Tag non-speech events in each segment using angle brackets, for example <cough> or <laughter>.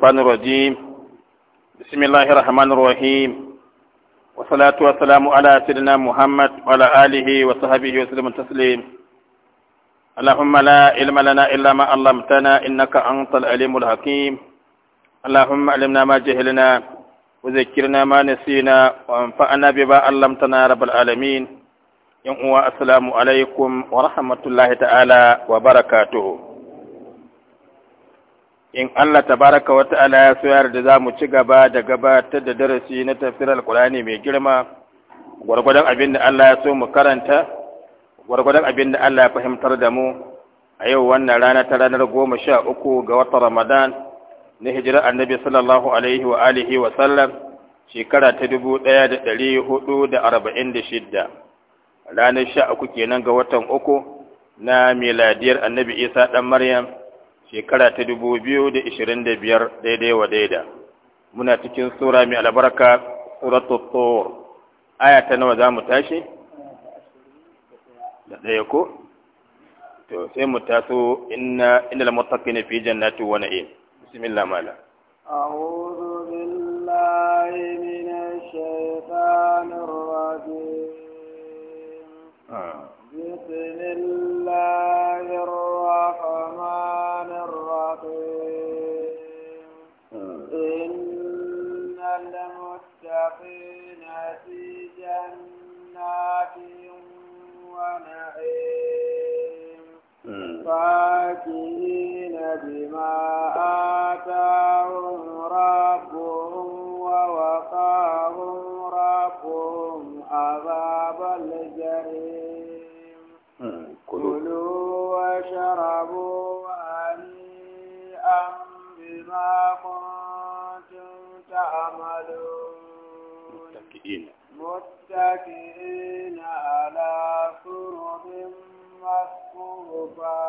الشيطان الرجيم بسم الله الرحمن الرحيم والصلاة والسلام على سيدنا محمد وعلى آله وصحبه وسلم تسليم اللهم لا علم لنا إلا ما علمتنا إنك أنت العليم الحكيم اللهم علمنا ما جهلنا وذكرنا ما نسينا وانفعنا بما علمتنا رب العالمين يوم السلام عليكم ورحمة الله تعالى وبركاته in Allah tabaraka wa ta'ala ya so yarda za mu ci gaba da gabatar da darasi na tafsirar ƙur'ani mai girma gwargwadon abin da Allah ya so mu karanta gwargwadon abin da Allah ya fahimtar da mu a yau wannan rana ta ranar goma sha uku ga watan Ramadan na hijirar annabi sallallahu alaihi wa alihi wa sallam shekara ta dubu ɗaya da ɗari hudu da arba'in da shidda ranar sha uku kenan ga watan uku na miladiyar annabi isa ɗan maryam shekara ta dubu biyu da ishirin da biyar daidai wa daida muna cikin sura mai albarka suratu tsor aya ta nawa za mu tashi da ɗaya ko to sai mu taso inna inna al-muttaqin fi jannati wa na'im bismillah mala a'udhu billahi minash shaitanir rajim ah. bismillahir جنات ونعيم فاكهين بما آتاهم ربهم ووقاهم ربهم عذاب الجحيم كلوا واشربوا هنيئا بما كنتم تعملون متكئين متكئين على سرر مصفوفة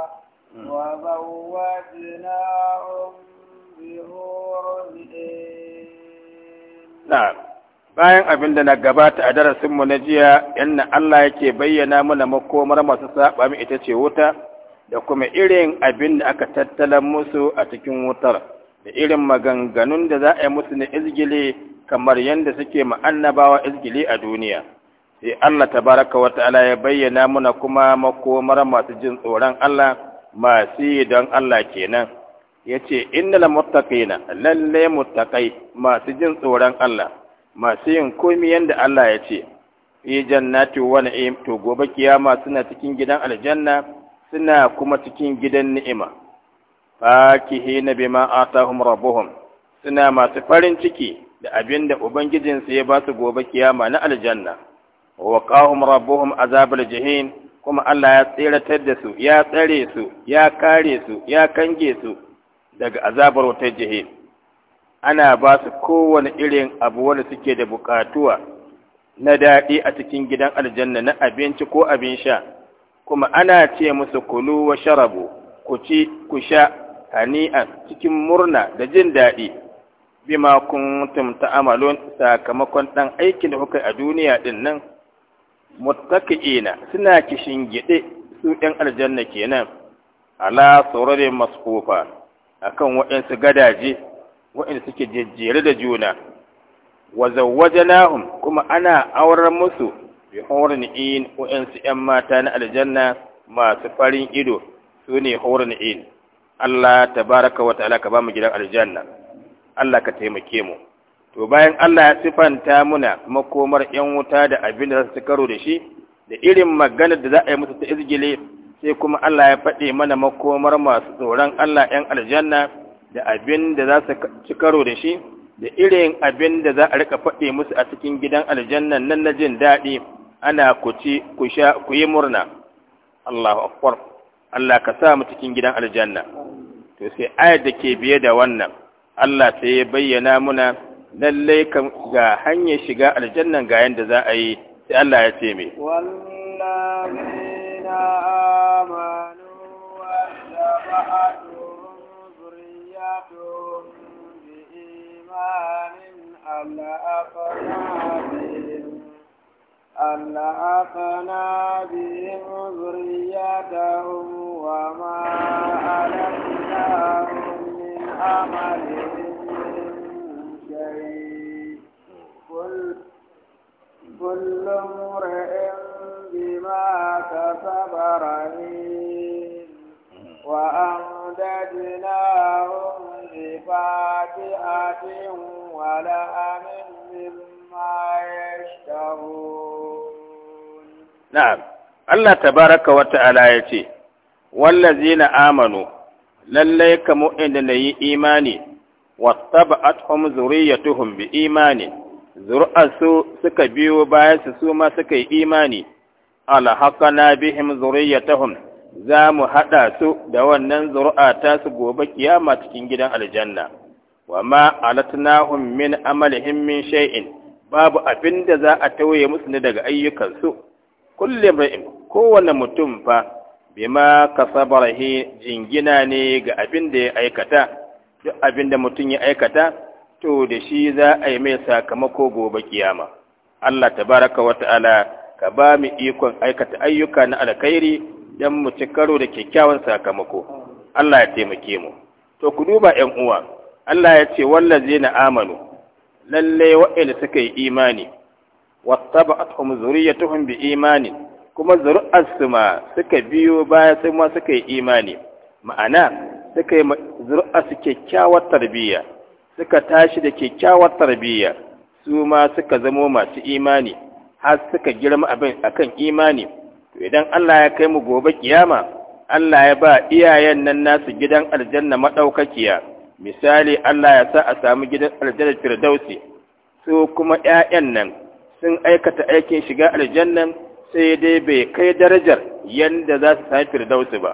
وزوجناهم بحور نعم bayan abin da na gabata a darasin mu na jiya yadda Allah yake bayyana mana makomar masu saba mu ita ce wuta da kuma irin abin da aka tattala musu a cikin wutar da irin maganganun da za a yi musu na izgile kamar yadda suke ma'annabawa izgili a duniya sai Allah tabaraka wa ta'ala ya bayyana muna kuma makomar masu jin tsoron Allah masu yi don Allah kenan ya yace innal muttaqina lalle muttaqai masu jin tsoron Allah masu yin komi yadda Allah ya ce fi jannati wa na'im to gobe kiyama suna cikin gidan aljanna suna kuma cikin gidan ni'ima fakihina bima atahum rabbuhum suna masu farin ciki da abin da ubangijinsu ya ba su gobe kiyama na aljanna wa qahum rabbuhum azabal kuma Allah ya tsiratar da su ya tsare su ya kare su ya kange su daga azabar wata jahim ana ba su kowane irin abu wanda suke da bukatuwa na daɗi a cikin gidan aljanna na abinci ko abin sha kuma ana ce musu kulu wa sharabu ku ci ku sha hani'an cikin murna da jin daɗi bima kuntum ta'amalun sakamakon dan aikin da kuka a duniya din nan muttaqiina suna kishin gide su ɗan aljanna kenan ala surari masqufa akan waɗansu gadaje waɗanda suke jejjere da juna wa zawwajnahum kuma ana aurar musu bi hurun in waɗansu ƴan mata na aljanna masu farin ido su ne in Allah tabaraka wa ta'ala ka ba mu gidan aljanna Allah ka taimake mu to bayan Allah ya sifanta muna makomar yan wuta da abin da za su karo da shi da irin maganar da za a yi musu ta izgile sai kuma Allah ya faɗi mana makomar masu tsoron Allah yan aljanna da abin da za su ci karo da shi da irin abin da za a rika faɗi musu a cikin gidan aljannan nan na jin daɗi ana ku yi murna Allahu Allah ka sa mu cikin gidan aljanna to sai ayat da ke biye da wannan Allah sai ya bayyana muna lallai ga hanyar shiga aljannan ga yanda za a yi sai Allah ya ce mai wallazina amanu wa tabatu zuriyatuhum bi imanin alla aqnabihim alla aqnabihim zuriyatuhum wa ma alamnahum min amalihim كل امرئ بما كسب رهين وأمددناهم بفاكهة ولأم مما يشتهون نعم الله تبارك وتعالى يتي والذين آمنوا lallai ka mu'in da na yi imani wata ba'at hum zuriyatuhum bi imani zuri'arsu suka biyo bayansu su ma suka yi imani, na bihim zuriyatahum za mu haɗa su da wannan zuri'a ta su gobe kiyama cikin gidan aljanna, wa ma alatnahum min amalihim min shay'in babu abin da za a tauye musu ne daga ayyukansu, kullum ra'in kowane mutum fa bima kasabarahi jingina ne ga abin da ya aikata, duk abin da mutum ya aikata to da shi za a yi mai sakamako gobe kiyama Allah tabaraka wa ta'ala ka ba mu ikon aikata ayyuka na alkhairi dan mu ci karo da kyakkyawan sakamako Allah ya taimake mu to ku duba 'yan uwa Allah ya ce wallazina amanu lalle wa'ila suka yi imani wattaba'atuhum zuriyatuhum bi imani kuma zuri'arsu ma suka biyo baya sai ma suka yi imani ma'ana suka yi zuri'arsu kyakkyawar tarbiyya suka tashi da kyakkyawar tarbiyya su ma suka zamo masu imani har suka girma abin akan imani to idan Allah ya kai mu gobe kiyama Allah ya ba iyayen nan nasu gidan aljanna madaukakiya misali Allah ya sa a samu gidan aljanna firdausi su kuma ƴaƴan nan sun aikata aikin shiga aljanna sai dai bai kai darajar yanda za su sami firdausi ba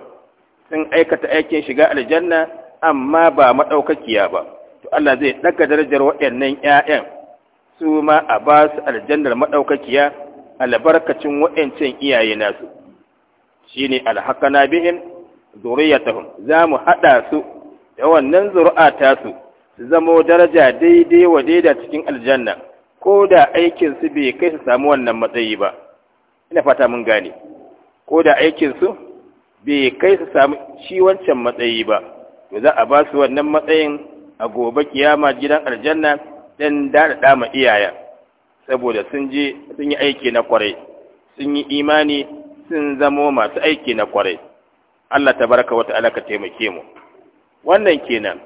sun aikata aikin shiga aljanna amma ba madaukakiya ba to Allah zai ɗaga darajar waɗannan yayan su ma a ba su aljannar maɗaukakiya albarkacin waɗancan iyaye nasu shine alhaqana bihin zuriyatahum za mu haɗa su da wannan zuri'a tasu su zamo daraja daidai wa daida cikin aljanna ko da aikinsu bai kai su samu wannan matsayi ba ina fata mun gane ko da aikinsu bai kai su samu shi wancan matsayi ba to za a ba su wannan matsayin a gobe kiyama gidan aljanna dan daɗaɗa ma iyayen saboda sun je sun yi aiki na kwarai sun yi imani sun zamo masu aiki na kwarai Allah tabaraka wa ta'ala ka taimake mu wannan kenan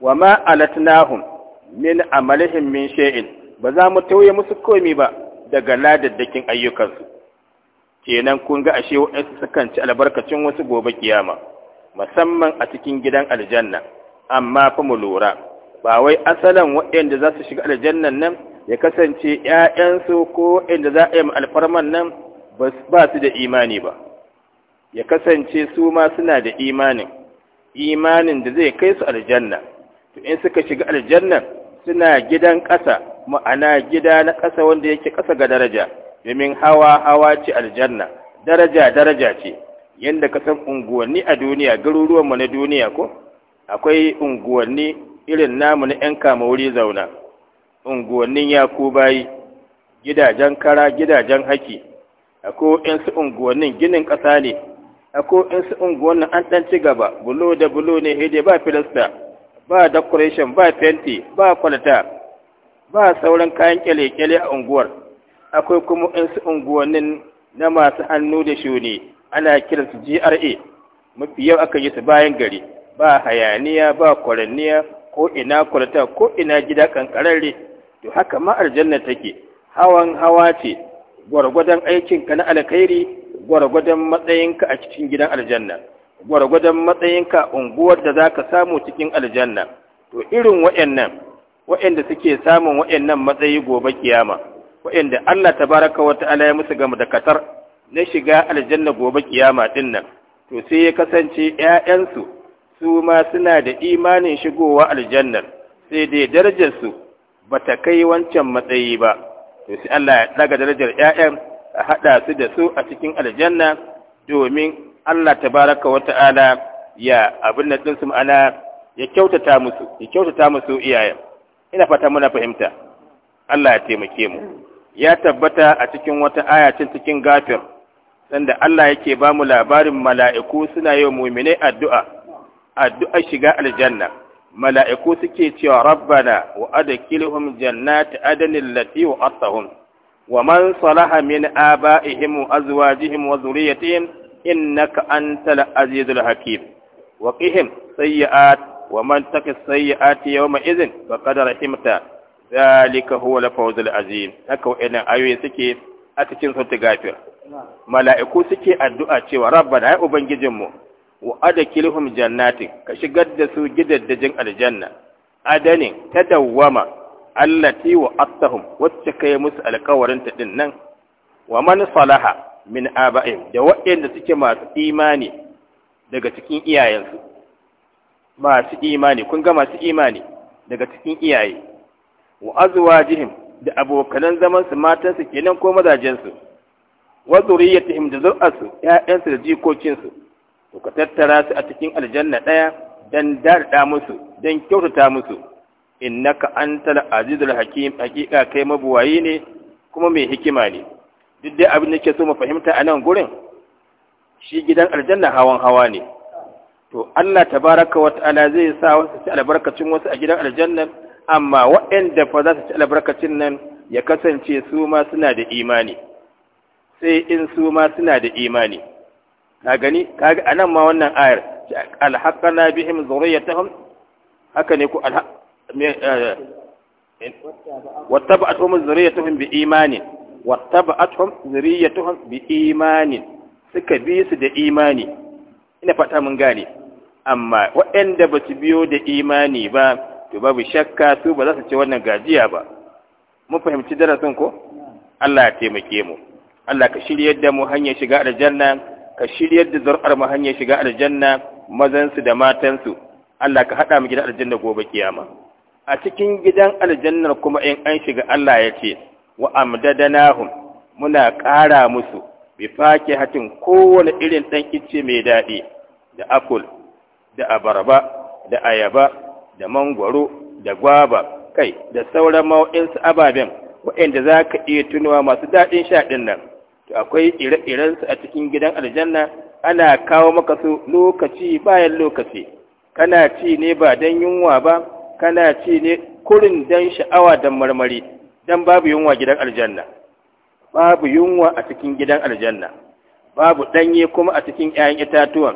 wa ma alatnahum min amalihim min shay'in ba za mu tauye musu komai ba daga ladaddakin ayyukansu kenan kun ga ashe wa'ansu sukan ci albarkacin wasu gobe kiyama musamman a cikin gidan aljanna amma fa mu lura ba wai asalan waɗanda za su shiga aljannan nan ya kasance ‘ya'yansu ko waɗanda za a yi alfarman nan ba su da imani ba ya kasance su ma suna da imanin imanin da zai kai su aljanna to in suka shiga aljannan suna gidan ƙasa ma'ana gida na ƙasa wanda yake ƙasa ga daraja domin hawa hawa ce aljanna daraja daraja ce yadda ka san unguwanni a duniya garuruwan mu na duniya ko akwai unguwanni irin namu na 'yan kama wuri zauna unguwannin yaku bayi gidajen kara gidajen haki akwai su unguwannin ginin ƙasa ne akwai su unguwannin an ɗan ci gaba bulo da bulo ne hede ba filasta ba decoration ba fenti ba kwalata ba sauran kayan kyale-kyale a unguwar akwai kuma su unguwannin na masu hannu da shuni ana kiransu GRA mafi yau aka yi su bayan gari ba hayaniya ba kwaranniya ko ina kwalata ko ina gida kankararre to haka ma aljanna take hawan hawa ce gwargwadon aikinka na alkhairi gwargwadon matsayinka a cikin gidan aljanna gwargwadon matsayinka unguwar da zaka samu cikin aljanna to irin wayannan wayanda suke samun wayannan matsayi gobe kiyama wayanda Allah tabaraka wa ta'ala ya musu gama da katar na shiga aljanna gobe kiyama din nan to sai ya kasance ƴaƴansu su ma suna da imanin shigowa aljannar sai dai darajarsu ba ta kai wancan matsayi ba to sai Allah ya daga darajar ƴaƴan a haɗa su da su a cikin aljanna domin Allah tabaraka wa ta'ala ya abin da ma'ana ya kyautata musu ya kyautata musu iyayen ina fata muna fahimta Allah ya taimake mu ya tabbata a cikin wata ayacin cikin gafir sanda Allah yake ba mu labarin mala'iku suna yi wa muminai addu'a, addu'a shiga aljanna, mala'iku suke cewa rabbana wa adakilhum jannati adanin lati wa asahun, wa man salaha min aba'ihim wa azwajihim wa zuriyatihim innaka antal azizul hakim wa qihim sayyi'at wa man taqi sayyi'ati yawma idhin faqad rahimta zalika huwa al azim haka wa'annan ayoyi suke a cikin sun gafir mala'iku suke addu'a cewa da ya ubangijinmu wa adkilhum jannatin ka shigar da su gidaddajin aljanna adanin ta dawwama allati wa attahum wacce kai musu alƙawarin ta din nan wa man salaha min aba'in da waɗanda suke masu imani daga cikin iyayensu masu imani kun ga masu imani daga cikin iyaye wa azwajihim da abokan zaman su matan su kenan ko mazajensu. su wa zuriyatihim da zur'asu 'ya'yansu da jikokinsu. su ka tattara su a cikin aljanna ɗaya dan darda musu dan kyautata musu innaka antal azizul hakim hakika kai mabuwayi ne kuma mai hikima ne duk dai abin da ke so mu fahimta a nan gurin shi gidan aljanna hawan hawa ne to Allah tabaraka wa ta'ala zai sa wasu ci albarkacin wasu a gidan aljanna amma waɗanda fa za su ci albarkacin nan ya kasance su ma suna da imani sai in su ma suna da imani ka gani kaga anan ma wannan ayar alhaqana bihim zurriyatahum haka ne ku eh, wattaba'atuhum zuriyatuhum bi imani wattaba'atuhum zuriyatuhum bi imani suka bi su da imani ina fata mun gane amma waɗanda ba su biyo da imani ba to babu shakka su ba za su ci wannan gajiya ba mun fahimci darasin ko Allah ya taimake mu Allah ka shiryar da mu hanyar shiga aljanna ka shiryar da zuri'ar mu hanyar shiga aljanna mazan su da matan su Allah ka haɗa mu gidan aljanna gobe kiyama a cikin gidan aljanna kuma in an shiga Allah ya ce wa amdadanahum muna ƙara musu bi fakihatin kowane irin ɗan icce mai daɗi da akul da abarba da ayaba da mangwaro da gwaba kai da sauran ma'o'insu ababen waɗanda za ka iya tunawa masu daɗin sha nan to akwai ire-irensu a cikin gidan aljanna ana kawo maka su lokaci bayan lokaci kana ci ne ba don yunwa ba kana ci ne kurin don sha'awa don marmari don babu yunwa gidan aljanna babu yunwa a cikin gidan aljanna babu ɗanye kuma a cikin 'ya'yan itatuwan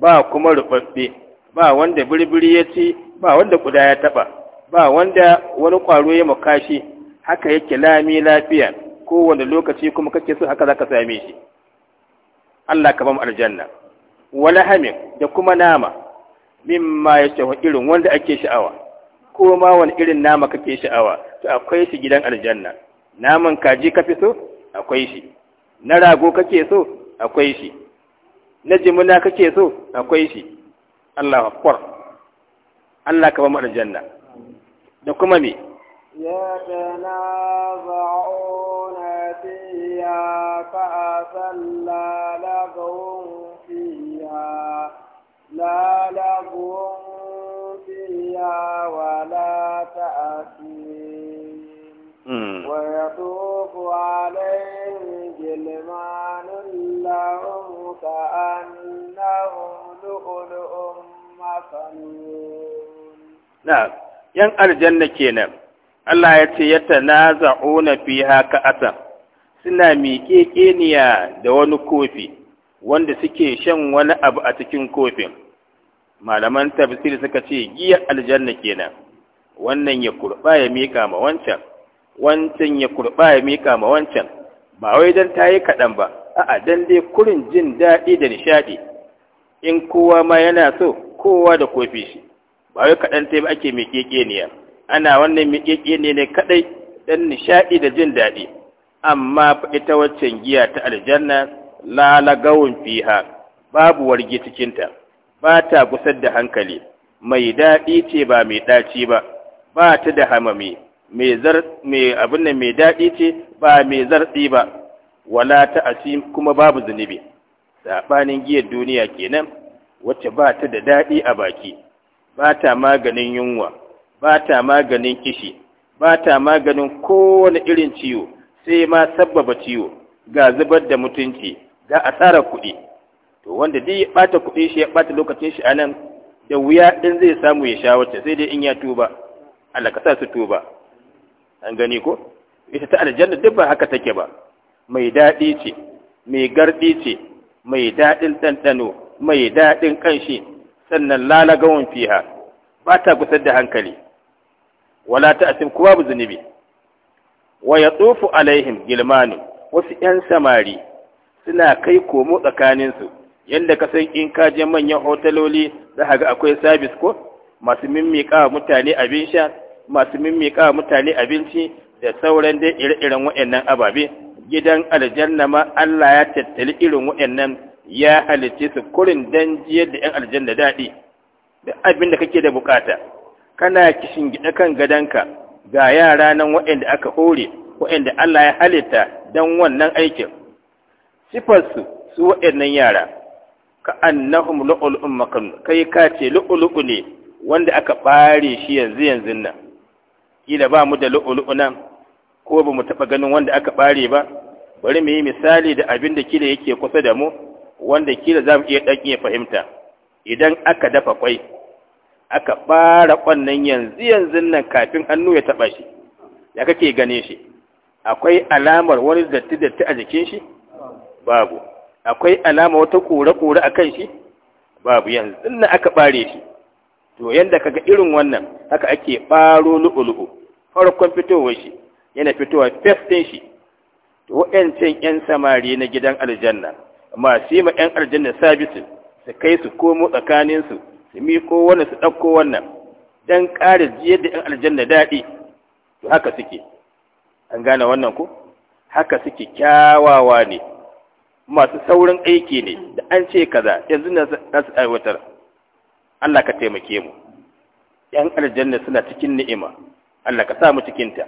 ba kuma ruɓaɓɓe ba wanda birbiri ya ci ba wanda kuda ya taba ba wanda wani kwaro ya makashi haka yake lami lafiya kowane lokaci kuma kake so haka zaka same shi Allah ka bamu aljanna wala hamin da kuma nama mimma ya wa irin wanda ake sha'awa ko ma wani irin nama kake sha'awa to akwai shi gidan aljanna naman kaji ka fi so akwai shi na rago kake so akwai shi na jimina kake so akwai shi Allah akbar Allah ka ba mu aljanna da kuma me ya na tanaza'una fiha fa asalla lahum fiha la lahum fiha wa la ta'asim hmm. wa yatufu alayhim gilmanun lahum ka'annahum lu'lu'un yan aljanna kenan Allah ya ce yata na za'una fi haka asa suna miƙe ƙeniya da wani kofi wanda suke shan wani abu a cikin kofin malaman tafsir suka ce giyar aljanna kenan wannan ya kurba ya miƙa ma wancan wancan ya kurɓa ya miƙa ma wancan ba wai ta tayi kaɗan ba a'a dan dai kurin jin daɗi da nishaɗi in kowa ma yana so kowa da kofi shi ba wai kaɗan ta yi ba ake miƙeƙeniya ana wannan miƙeƙeniya ne kaɗai ɗan nishaɗi da jin daɗi amma ita waccan giya ta aljanna lalagawun fiha babu warge cikinta ba ta gusar da hankali mai daɗi ce ba mai ɗaci ba ba ta da hamami mai abin nan mai daɗi ce ba mai zartsi ba wala ta asim kuma babu zunubi saɓanin giyar duniya kenan wacce ba ta da daɗi a baki ba ta maganin yunwa ba ta maganin kishi ba ta maganin kowane irin ciwo sai ma sabbaba ciwo ga zubar da mutunci ga tsara kuɗi to wanda dai ya ɓata kuɗi shi ya ɓata lokacin shi a nan da wuya ɗin zai samu ya sha wacce sai dai in ya tuba Allah ka sa su tuba an gani ko ita ta aljanna duk ba haka take ba mai daɗi ce mai garɗi ce mai daɗin ɗanɗano mai daɗin kanshi sannan lalagawan fiha ba ta gusar da hankali wala ta asim kuwa bu zunubi wa ya tsofu alaihim gilmanu wasu ‘yan samari suna kai komo tsakaninsu yadda ka san in ka je manyan hotaloli za ka ga akwai sabis ko masu mimmiƙa mutane abin sha masu mimmiƙa mutane abinci da sauran dai ire-iren waɗannan ababe gidan aljanna ma Allah ya tattali irin waɗannan ya halice su kurin dan jiyar da ‘yan aljanna daɗi, da abin da kake da bukata, kana kishin gida kan gadanka ga yara nan waɗanda aka hore, waɗanda Allah ya halitta don wannan aikin. Sifarsu su waɗannan yara, ka annahum lu'ul'un makan, kai ka ce lu'ulu'u ne wanda aka ɓare shi yanzu yanzu nan. Kila ba mu da lu'ulu'u nan, ko ba mu taɓa ganin wanda aka ɓare ba, bari mu yi misali da abin da kila yake kusa da mu, wanda kila za mu iya ɗan iya fahimta idan aka dafa kwai aka ɓara ƙwannan yanzu yanzu nan kafin hannu ya taɓa shi ya kake gane shi akwai alamar wani datti datti a jikin shi babu akwai alama wata kore-kore a kan shi babu yanzu nan aka ɓare shi to ka ga irin wannan haka ake ɓaro lu'ulu'u farkon fitowar shi yana fitowa fes ɗin shi to waɗancan 'yan samari na gidan aljanna masu yi ma 'yan aljanna sabisin su kai su komo tsakaninsu su miko wannan su ɗauko wannan don ƙara jiyar da 'yan aljanna daɗi to haka suke an gane wannan ko haka suke kyawawa ne masu saurin aiki ne da an ce kaza yanzu na su aiwatar Allah ka taimake mu ‘yan aljanna suna cikin ni'ima Allah ka sa mu cikinta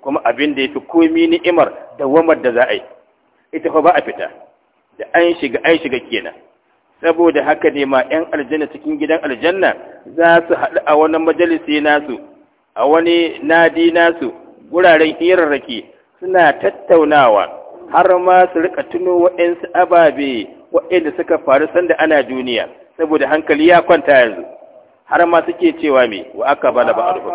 kuma abin da ya fi komi ni'imar da wamar da za a yi ita fa ba a fita da an shiga an shiga kenan saboda haka ne ma 'yan aljanna cikin gidan aljanna za su haɗu a wani majalisi nasu a wani nadi nasu guraren hirarraki suna tattaunawa har ma su rika tuno waɗansu ababe waɗanda suka faru sanda ana duniya saboda hankali ya kwanta yanzu har ma suke cewa me wa aka ba alhum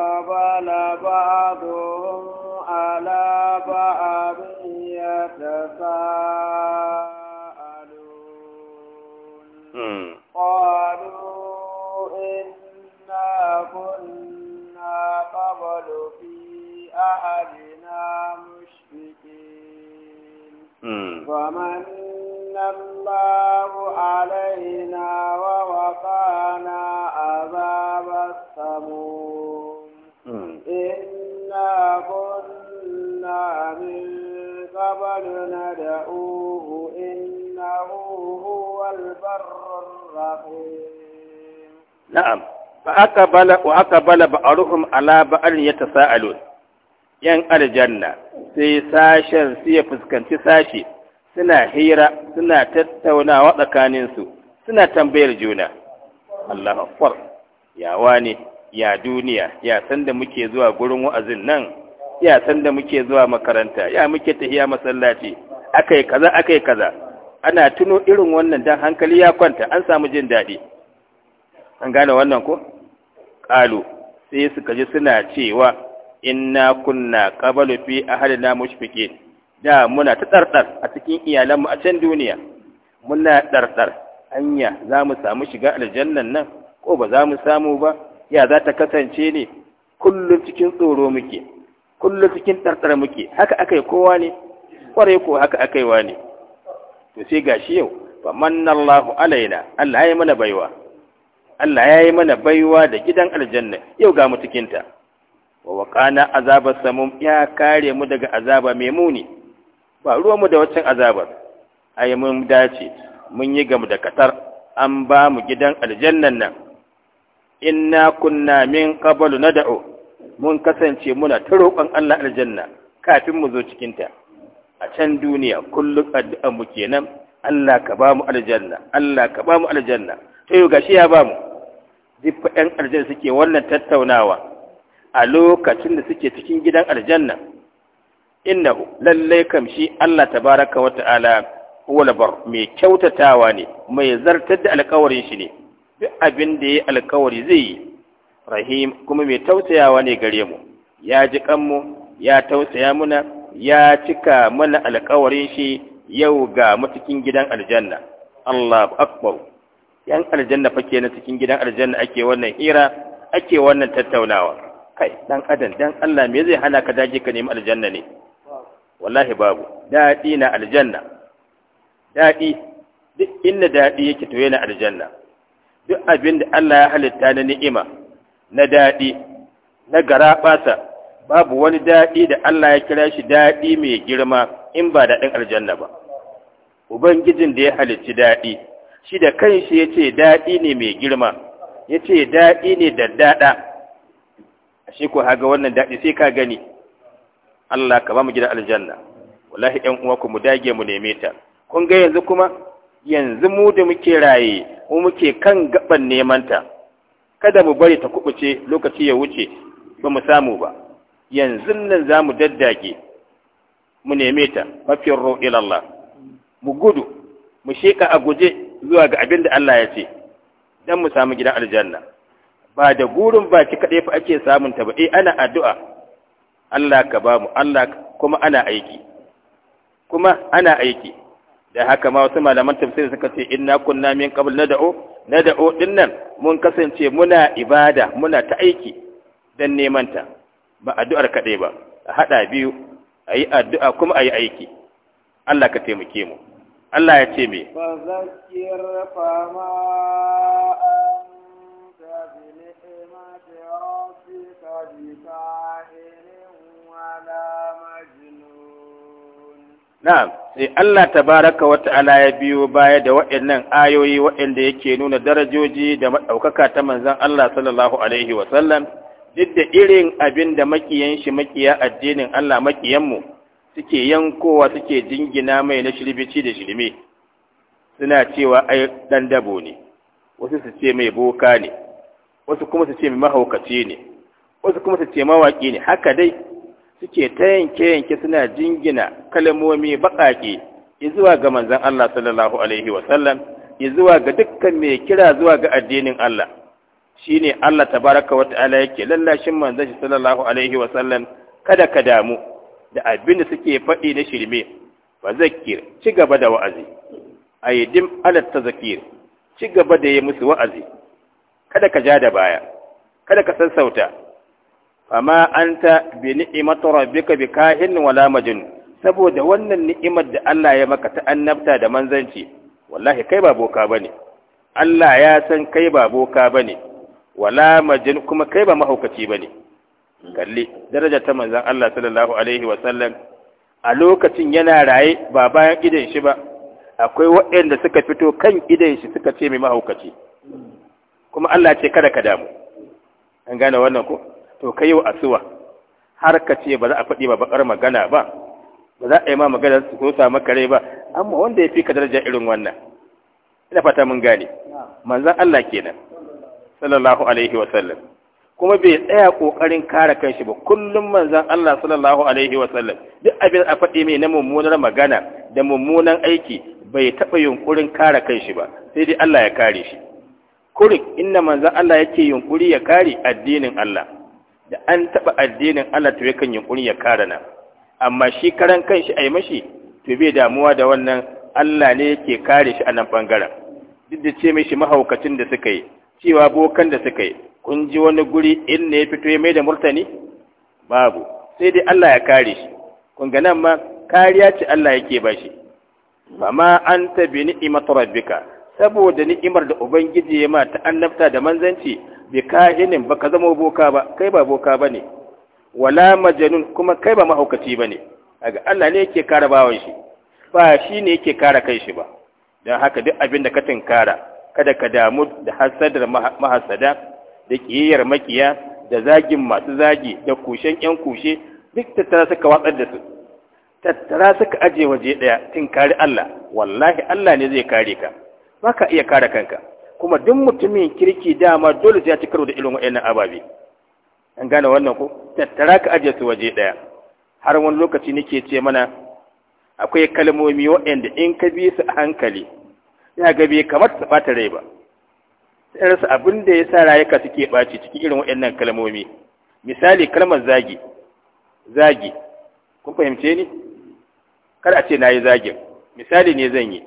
قالوا إنا كنا قبل في أهلنا مشفقين ومن الله علينا ووقانا عذاب السموم إنا كنا من قبل ندعوه إنه هو البر na'am fa bala wa aqbala ba'ruhum ala ba'rin yatasaalun yan aljanna sai sashen su ya fuskanci sashi suna hira suna tattaunawa tsakaninsu suna tambayar juna Allah akbar ya wani ya duniya ya san da muke zuwa gurin wa'azin nan ya san da muke zuwa makaranta ya muke tahiya masallaci akai kaza akai kaza ana tuno irin wannan dan hankali ya kwanta an samu jin daɗi an gane wannan ko ƙalu sai suka ji suna cewa inna kunna ƙabalu fi na mushfiqin da muna ta tsartsar a cikin iyalanmu a can duniya muna tsartsar anya za mu samu shiga aljannan nan ko ba za mu samu ba ya za ta kasance ne kullum cikin tsoro muke kullum cikin tsartsar muke haka yi kowa ne kwarai ko haka yi wa ne to sai gashi yau Allahu alaina Allah yayi mana baiwa Allah ya mana baiwa da gidan aljanna yau ga mu cikinta wa waqana azabar samum ya kare mu daga azaba mai muni ba ruwan mu da waccan azabar ai mun dace mun yi gamu da katar an ba mu gidan aljannan nan inna kunna min qablu nad'u mun kasance muna ta roƙon Allah aljanna kafin mu zo cikinta a can duniya kullum addu'an mu kenan Allah ka ba aljanna Allah ka ba aljanna to yau gashi ya bamu. mu duk ɗan aljanna suke wannan tattaunawa a lokacin da suke cikin gidan aljanna innahu lallai kamshi, Allah tabaraka wa ta'ala huwal bar mai kyautatawa ne mai zartar da alƙawarin shi ne duk abin da yayi alƙawari zai yi rahim kuma mai tausayawa ne gare mu ya ji kanmu ya tausaya muna ya cika mana alƙawarin shi yau ga mu gidan aljanna Allahu akbar yan aljanna fa na cikin gidan aljanna ake wannan hira ake wannan tattaunawa kai dan adam dan Allah me zai hana ka daje ka nemi aljanna ne wallahi babu daɗi na aljanna daɗi duk inda daɗi yake to yana aljanna duk abin da Allah ya halitta na ni'ima na daɗi na garaɓasa babu wani daɗi da Allah ya kira shi daɗi mai girma in ba daɗin aljanna ba ubangijin da ya halicci daɗi shi da kanshi ya ce daɗi ne mai girma ya ce daɗi ne da daɗa shi ku haga wannan daɗi sai ka gani Allah ka ba mu gidan aljanna wallahi ƴan uwa ku mu dage mu neme ta kun ga yanzu kuma yanzu mu da muke raye mu muke kan gaban neman ta kada mu bari ta kuɓuce lokaci ya wuce ba mu samu ba yanzu nan za mu daddage mu neme ta mafiyar ila Allah mu gudu mu sheka a guje zuwa ga abin da Allah ya ce dan mu samu gidan aljanna ba da gurin baki kaɗai fa ake samun ta ba eh ana addu'a Allah ka ba mu Allah kuma ana aiki kuma ana aiki da haka ma wasu malaman tafsiri suka ce inna kunna min qabl nad'u nad'u dinnan mun kasance muna ibada muna ta aiki dan neman ta ba addu'ar kaɗai ba a haɗa biyu a yi addu'a kuma a yi aiki Allah ka taimake mu Allah ya ce me Na'am, sai Allah tabaraka wa ta'ala ya biyo baya da waɗannan ayoyi waɗanda yake nuna darajoji da maɗaukaka ta manzon Allah sallallahu Alaihi sallam duk da irin abin da makiyan shi makiya addinin Allah makiyanmu suke yankowa suke jingina mai na shirbici da shirme suna cewa ai dan dabo ne wasu su ce mai boka ne wasu kuma su ce mai mahaukaci ne wasu kuma su ce mawaki ne haka dai suke ta yanke yanke suna jingina kalmomi baƙaƙe zuwa ga manzon Allah sallallahu alaihi wa sallam zuwa ga dukkan mai kira zuwa ga addinin Allah shine Allah tabaraka wa ta'ala yake lallashin manzon shi sallallahu alaihi wa sallam kada ka damu da abin da suke faɗi na shirme fa zakir ci gaba da wa'azi ayyadim ala tazkir ci gaba da yi musu wa'azi kada ka ja da baya kada ka sassauta amma anta bi ni'imati rabbika bi kahin wala majnun saboda wannan ni'imar da Allah ya maka ta annabta da manzanci wallahi kai ba boka bane Allah ya san kai ba boka bane wala majin kuma kai ba mahaukaci ba ne kalli daraja ta manzan Allah sallallahu alaihi wasallam a lokacin yana raye ba bayan idan shi ba akwai waɗanda suka fito kan idan shi suka ce mai mahaukaci kuma Allah ce kada ka damu an gane wannan ko to kai yau asuwa har ka ce ba za a faɗi ba bakar magana ba ba za a yi ma magana su ko sa kare ba amma wanda ya fi ka daraja irin wannan ina fata mun gane manzan Allah kenan sallallahu alaihi wasallam kuma bai tsaya kokarin kare kanshi ba kullum manzan Allah sallallahu alaihi wasallam duk abin a faɗi mai na mummunar magana da mummunan aiki bai taɓa yunkurin kare kanshi ba sai dai Allah ya kare shi kurin inna manzan Allah yake yunkuri ya kare addinin Allah da an taɓa addinin Allah to yakan yunkuri ya kare na amma shi karan kanshi ai mashi to bai damuwa da wannan Allah ne yake kare shi a nan bangaren duk da ce mishi mahaukacin da suka yi cewa bokan da suka yi kun ji wani guri in ne ya fito ya mai da murtani babu sai dai Allah ya kare shi kun ga nan ma kariya ce Allah yake ba shi amma an ta bi ni'imat rabbika saboda ni'imar da ubangiji ya ma ta annabta da manzanci bi kahinin ka zama boka ba kai ba boka ne. wala majanun kuma kai ba mahaukaci ne aga Allah ne yake kare bawan shi ba shi ne yake kare kai shi ba don haka duk abin da ka tinkara kada ka damu da hasadar mahasada da ƙiyayyar makiya da zagin masu zagi da kushen ƴan kushe duk tattara suka watsar da su tattara suka aje waje ɗaya tun kare Allah wallahi Allah ne zai kare ka ba ka iya kare kanka kuma duk mutumin kirki dama dole sai ya ci karo da irin wa'annan ababe an gane wannan ko tattara ka aje su waje ɗaya har wani lokaci nake ce mana akwai kalmomi waɗanda in ka bi su a hankali ya ga bai kamar ta fata rai ba sai rasa abin da ya sa rayuka suke ɓaci cikin irin waɗannan kalmomi misali kalmar zagi zagi kun fahimce ni kada a ce na yi zagin misali ne zan yi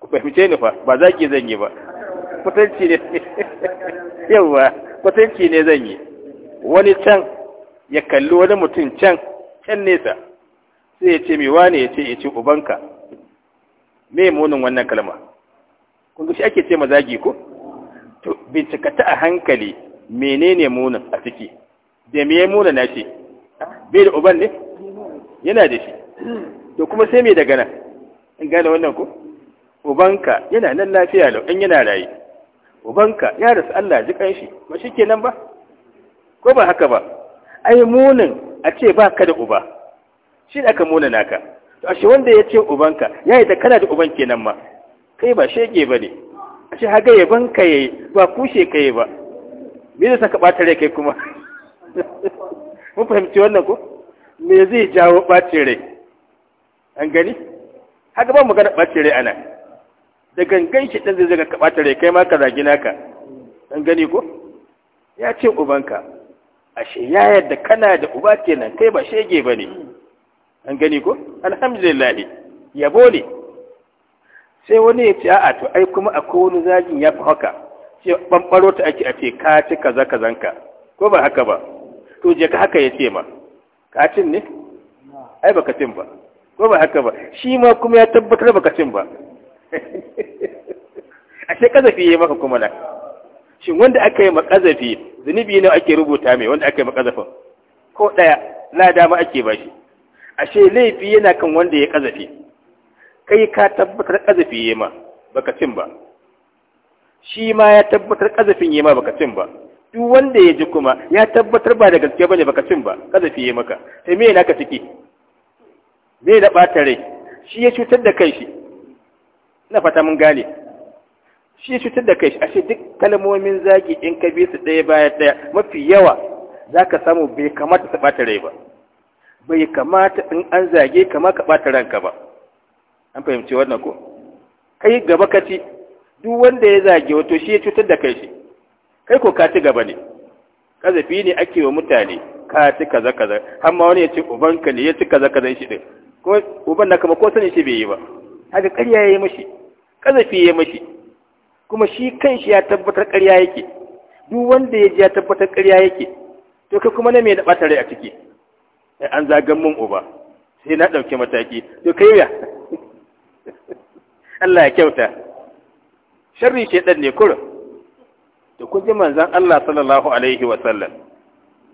ku fahimce ni fa ba zagi zan yi ba kwatanci ne <laughs> yawa kwatanci ne zan yi wani can ya kalli wani mutum can can nesa sai ya ce mai wane ya ce ya ce ubanka me munin wannan kalma kun shi ake ce mazagi ko to bincika ta a hankali menene munin a ciki da me munin na ce bai da uban ne yana da shi to kuma sai me daga nan in gane wannan ko ubanka yana nan lafiya lau in yana raye ubanka ya rasu Allah ji kanshi ba shi kenan ba ko ba haka ba ai munin a ce ba ka da uba shi da aka munana naka to ashe wanda ya ce ubanka ya yi da kana da uban kenan ma kai ba shege ba ne ashe haga banka ya yi ba kushe ka yi ba me zai saka ɓata rai kai kuma <laughs> mun fahimci wannan ko me zai jawo ɓacin rai an gani haka ba magana ɓacin rai ana da gangan shi ɗan zai zaga ka ɓata rai kai ma ka zagi naka an gani ko ya ce ubanka ashe ya yadda kana da uba kenan kai ba shege ba ne an gani ko alhamdulillah yabo ne sai wani ya ce a'a to ai kuma akwai wani zagin ya fi haka ce bambaro ta ake a ce ka ci kaza kazanka ko ba haka ba to je ka haka ya ce ma ka cin ne ai baka cin ba ko ba haka ba shi ma kuma ya tabbatar baka cin ba <laughs> ashe kazafi yayi maka kuma nan shin wanda aka yi makazafi zunubi ne ake rubuta mai wanda aka yi makazafin ko ɗaya na dama ake bashi ashe laifi yana kan wanda ya kazafi kai ka tabbatar kazafi yema baka cin ba shi ma ya tabbatar kazafin yema baka cin ba duk wanda ya ji kuma ya tabbatar ba da gaske bane baka cin ba kazafi yema ka sai me naka ciki me da bata rai shi ya cutar da kai shi ina fata mun gane shi ya cutar da kai shi ashe duk kalmomin zagi in ka bi su ɗaya bayan ɗaya mafi yawa zaka samu bai kamata su bata rai ba bai kamata in an zage kama ka ɓata ranka ba an fahimci wannan ko kai gaba ka ci duk wanda ya zage wato shi ya cutar da kai shi kai ko ka ci gaba ne kazafi ne ake wa mutane ka ci kaza kaza har ma wani ya ce ubanka ne ya ci kaza kaza shi din ko uban na ba ko sanin shi bai yi ba haka ƙarya ya yi mashi kazafi ya mashi kuma shi kan shi ya tabbatar ƙarya yake duk wanda ya ji ya tabbatar ƙarya yake to kai kuma na me da ɓata rai a ciki Eh, an zagan mun uba sai na ɗauki mataki to kai ya <laughs> Allah ya kyauta sharri ɗan ne kura. to kun ji manzan Allah sallallahu alaihi wa sallam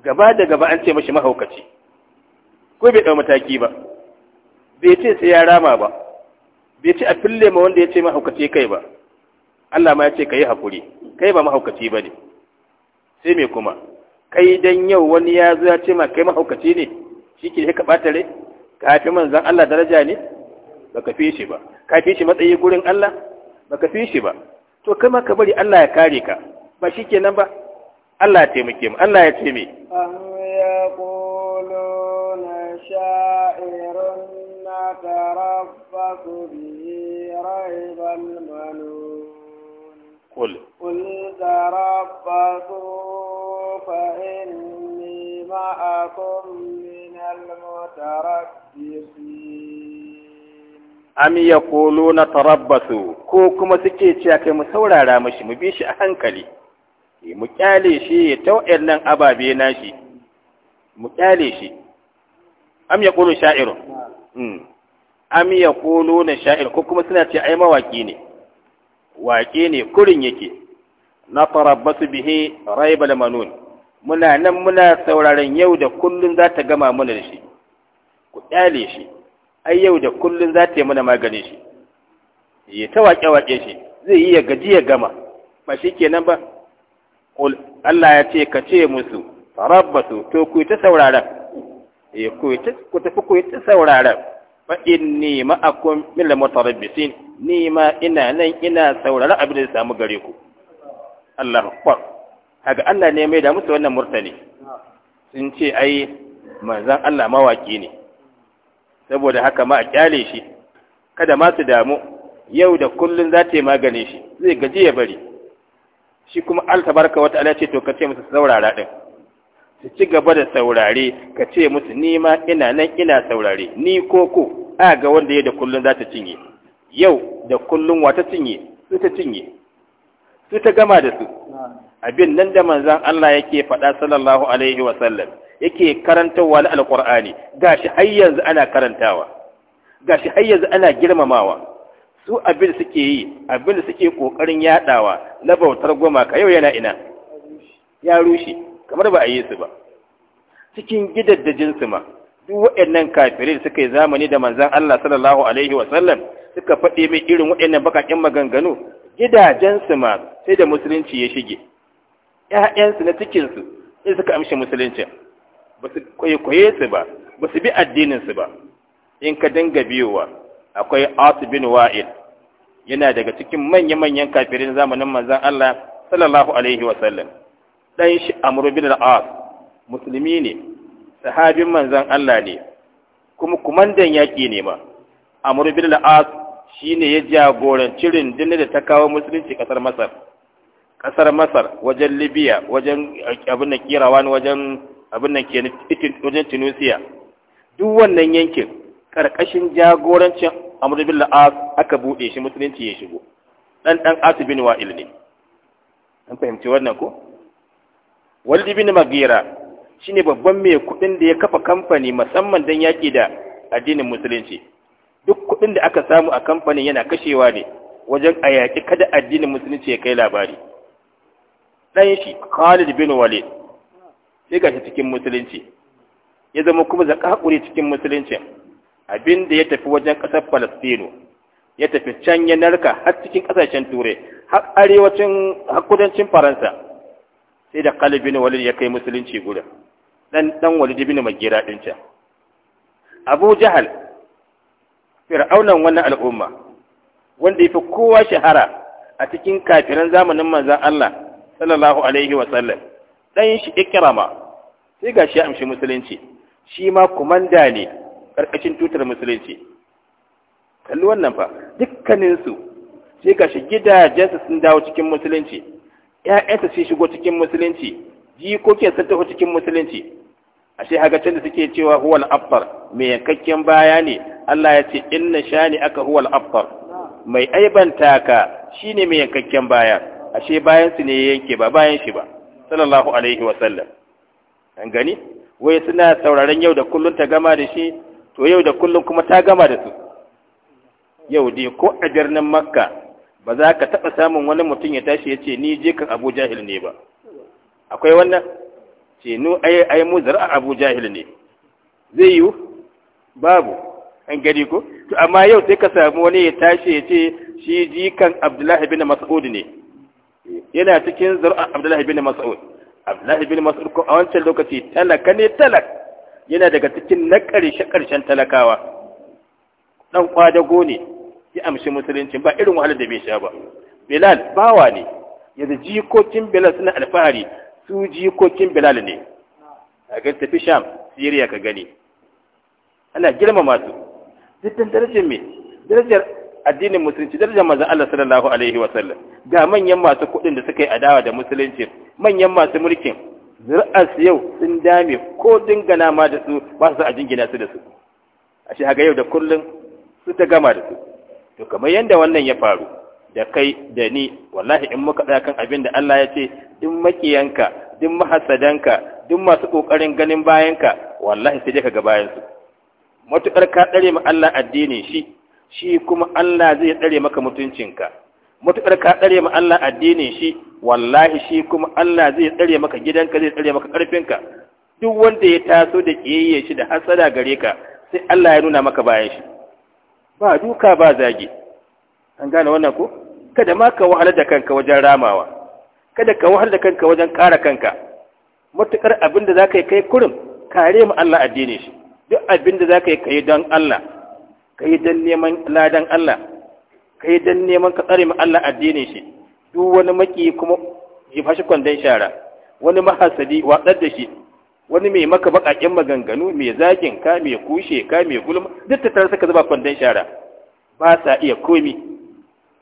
gaba da gaba an ce mashi mahaukaci ko bai ɗau mataki ba bai ce sai ya rama ba bai ce a fille ma wanda ya ce mahaukaci kai ba Allah ma ya ce ka yi haƙuri kai ba mahaukaci ba ne sai me kuma kai dan yau wani ya zo ya ce ma kai mahaukaci ne shi ke ka ɓata rai ka fi manzan Allah daraja ne ba ka fi shi ba ka fi shi matsayi gurin Allah ba ka fi shi ba to kai ma ka bari Allah ya kare ka ba shi kenan ba Allah ya taimake mu Allah ya ce me قل قل تربصوا فإني معكم من kolo na tarabbasu, ko kuma suke ce a kai mu saurara mashi mu kyale shi ya tau'ir nan ababe na shi mu kyale shi am ya kolo sha'irun hmm. am ya kolo na shairun ko kuma suna ce ai mawaki ne waƙi ne kurin yake na tarabbasu bihe raibal manun muna nan muna sauraron yau da kullun za ta gama mana da shi ku ɗale shi ai yau da kullun za ta yi mana maganin shi ya ta waƙe-waƙe shi zai yi ya gaji ya gama ba shi kenan ba Allah ya ce ka ce musu rabbatu to ku ta sauraron eh, ya ku tafi ku ta sauraron fa inni ma'akum min al-mutarabbisin ni ma ina nan ina sauraron abin da ya samu gare ku Allahu akbar kaga Allah ne mai da musu wannan murtali? sun ce ai manzon Allah mawaki ne saboda haka ma a kyale shi kada ma su damu yau da kullun za ta yi magane shi zai gaji ya bari shi kuma Allah wata ala ce to ka ce musu saurara din su ci gaba da saurare ka ce musu ni ma ina nan ina saurare ni ko ko a ga wanda ya da kullun za ta cinye yau da kullun wata cinye su ta cinye su ta gama da su abin nan da manzan Allah yake faɗa sallallahu alaihi wa sallam yake karantawa na alƙur'ani gashi har yanzu ana karantawa gashi har yanzu ana girmamawa su abin da suke yi abin da suke ƙoƙarin yaɗawa na bautar gumaka yau yana ina ya rushe kamar ba a yi su ba cikin gidaddajin su ma duk waɗannan kafirai suka yi zamani da manzan Allah sallallahu alaihi wa sallam suka faɗi mai irin waɗannan bakaƙen maganganu gidajensu ma sai da musulunci ya shige ‘ya'yansu na cikinsu in suka amshi musulunci ba su kwaikwaye su ba ba su bi addininsu ba in ka dinga biyowa akwai asu bin wa'il yana daga cikin manya-manyan kafirin zamanin manzan Allah sallallahu alaihi wasallam ɗan shi amuru bin al'as musulmi ne sahabin manzan Allah ne kuma kumandan yaƙi ne ma amuru bin al'as shi ne ya jagoranci rundunar da ta kawo musulunci ƙasar masar kasar masar wajen libya wajen eh, abin da kirawa wajen abin da ke wajen tunisia duk wannan yankin karkashin jagorancin Amurbin bin la'as aka buɗe shi musulunci ya shigo dan dan asu bin wa'il ne an fahimci wannan ko walid bin magira shine babban mai kuɗin da ya kafa kamfani musamman don yaƙi da addinin musulunci duk kuɗin da aka samu a kamfanin yana kashewa ne wajen a yaƙi kada addinin musulunci ya kai labari ɗan shi Khalid bin Walid sai gashi cikin musulunci ya zama kuma zakakuri cikin musulunci Abinda ya tafi wajen ƙasar Falastinu ya tafi can ya narka har cikin ƙasashen Turai har arewacin har kudancin Faransa sai da Khalid bin Walid ya kai musulunci guda, dan dan Walid bin Magira din can Abu Jahal fir'aunan wannan al'umma wanda ya fi kowa shahara a cikin kafiran zamanin manzon Allah sallallahu alaihi wa sallam dan shi ikrama sai ga shi amshi musulunci shi ma kumanda ne karkashin tutar musulunci kalli wannan fa dukkanin su sai ga shi gidajensu sun dawo cikin musulunci su sun shigo cikin musulunci jikokin sun taho cikin musulunci ashe haka can da suke cewa huwal affar mai yankakken baya ne Allah ya ce inna shani aka huwal affar mai aibanta ka shine mai yankakken baya ashe bayan su ne yanke ba bayan shi ba sallallahu alaihi wasallam an gani wai suna sauraron yau da kullun ta gama da shi to yau da kullun kuma ta gama da su yau dai ko a birnin makka ba za ka taɓa samun wani mutum ya tashi ya ce ni je kan abu jahil ne ba akwai wannan ce nu ai ai mu zar'a abu jahil ne zai yiwu babu an gani ko to amma yau sai ka samu wani ya tashi ya ce shi jikan abdullahi bin mas'ud ne yana cikin zur'an abdullahi bin mas'ud abdullahi bin mas'ud ko a wancan lokaci talaka ne talak yana daga cikin na ƙarshe ƙarshen talakawa dan kwadago ne ya amshi musulunci ba irin wahalar da bai sha ba bilal bawa ne yanzu jikokin bilal suna alfahari su jikokin bilal ne a ga tafi sham siriya ka gani ana girmama su duk darajar me darajar addinin musulunci darajar manzon Allah sallallahu alaihi wa sallam ga manyan masu kuɗin da suka yi adawa da musulunci manyan masu mulkin zur'as yau sun dame ko dinga nama da su ba su a jingina su da su a shi haka yau da kullun su ta gama da su to kamar yadda wannan ya faru da kai da ni wallahi in muka tsaya kan abin da Allah ya ce duk makiyanka duk mahasadanka duk masu kokarin ganin bayanka wallahi sai dai ka ga bayansu matukar ka dare mu Allah addinin shi shi kuma Allah zai tsare maka mutuncinka mutuƙar ka tsare ma Allah addinin shi wallahi shi kuma Allah zai tsare maka gidanka zai tsare maka ƙarfinka. duk wanda ya taso da ƙiyayya shi da hasada gare ka sai Allah ya nuna maka bayan shi ba duka ba zagi an gane wannan ko kada ma ka wahalar da kanka wajen ramawa kada ka wahalar da kanka wajen ƙara kanka mutuƙar abin da za ka yi kai kurum kare ma Allah addinin shi duk abin da za ka yi kai don Allah kai dan neman ladan Allah kai dan neman ka tsare mu Allah addinin shi duk wani maki kuma ya fashi kwandon shara wani mahasadi watsar da shi wani mai maka bakakin maganganu mai zakin? ka mai kushe ka mai gulma duk ta tare suka zuba kwandon shara ba sa iya komi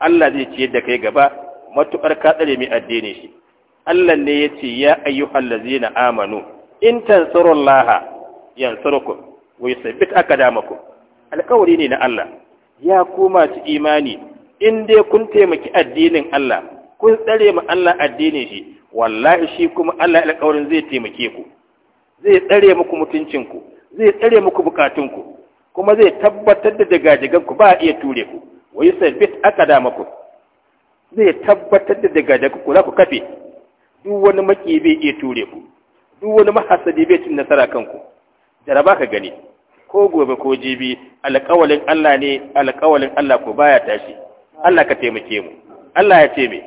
Allah zai ciyar da kai gaba matukar ka tsare mai addini shi Allah ne ya ce ya ayyuhal ladzina amanu in tansurullaha yansurukum wa yusabbit akadamakum alkawari ne na Allah ya koma su imani in dai kun taimaki addinin Allah kun tsare ma Allah addinin shi wallahi shi kuma Allah alkawarin zai taimake ku zai tsare muku mutuncinku zai tsare muku bukatunku kuma zai tabbatar da dagajiganku ba a iya ture ku wa yi bit aka da muku zai tabbatar da dagajiganku za ku kafe duk wani maki bai iya ture ku duk wani mahasadi bai cin nasara kanku jaraba ka gani ko gobe ko jibi alƙawalin Allah ne alƙawalin Allah ko baya tashi Allah ka taimake mu Allah ya ce mu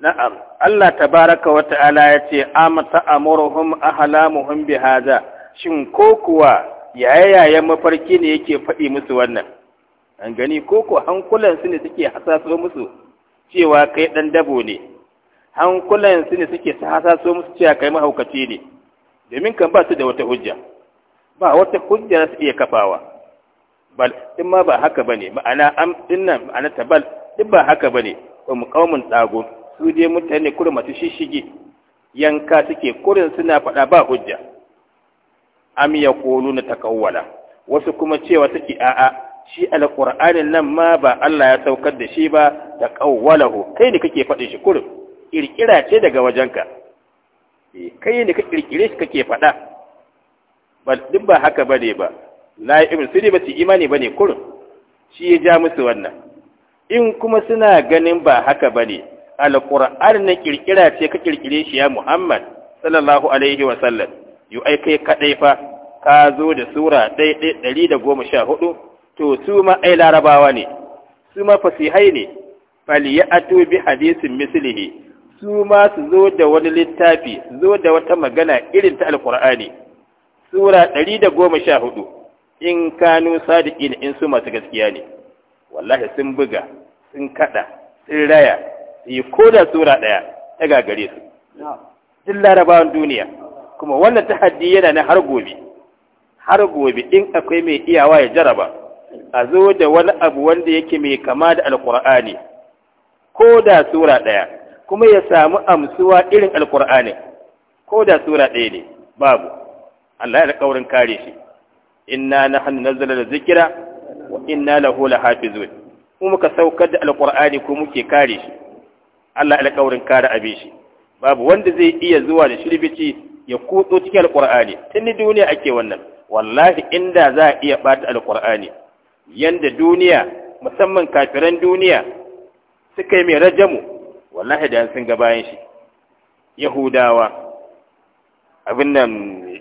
Na'am, Allah baraka wa ta'ala ya ce, Amata amuruhum ahlamuhum bi haza, shin ko kuwa yaya mafarki ne yake faɗi musu wannan, an gani ko ko hankulansu ne suke hasaso musu cewa kai ɗan dabo ne, hankulansu ne suke hasaso musu cewa kai mahaukaci ne, domin kan ba su da wata hujja, ba wata hujja su iya kafawa, bal, in ma ba haka ba ne, ma'ana am ɗin nan, ma'ana bal. duk ba haka ba ne, mu um mun tsago. su dai mutane kurin masu shishige yanka suke kurin suna faɗa ba hujja am yaquluna takawwala wasu kuma cewa suke a'a shi alƙur'anin nan ma ba Allah ya saukar da shi ba da ƙawwalahu kai ne kake faɗin shi kurin ƙirƙira ce daga wajenka eh, kai ne ka ƙirƙire shi kake faɗa ba duk ba haka ba ne ba la ibn sudi ba su imani ba ne kurin shi ya ja musu wannan in kuma suna ganin ba haka ba ne alƙur'an na ƙirƙira ce ka ƙirƙire shi ya muhammad sallallahu alaihi wasallam yi aikai kaɗai fa ka zo da sura ɗai ɗari da goma sha hudu to su ma ai ne su ma fasihai ne faliya ato bi hadisin mislihi su ma su zo da wani littafi zo da wata magana irin ta alƙur'ani sura ɗari da goma sha hudu in kanu sadiƙi in su masu gaskiya ne wallahi sun buga sun kada sun raya su yi ko da sura ɗaya ga gare su duk larabawan duniya kuma wannan tahaddi yana na har gobe har gobe in akwai mai iyawa ya jaraba a zo da wani abu wanda yake mai kama da alkur'ani ko da sura ɗaya kuma ya samu amsuwa irin alkur'ani ko da sura ɗaya ne babu Allah ya kare shi inna nahnu zikira dhikra wa inna lahu zuwa. mu muka saukar da alƙur'ani ko muke kare shi Allah alƙawarin kare abin shi babu wanda zai iya zuwa da shirbici ya kutso cikin alƙur'ani tun ni duniya ake wannan wallahi inda za a iya bata alƙur'ani yanda duniya musamman kafiran duniya suka yi mai rajamu wallahi da sun ga bayan shi yahudawa abin nan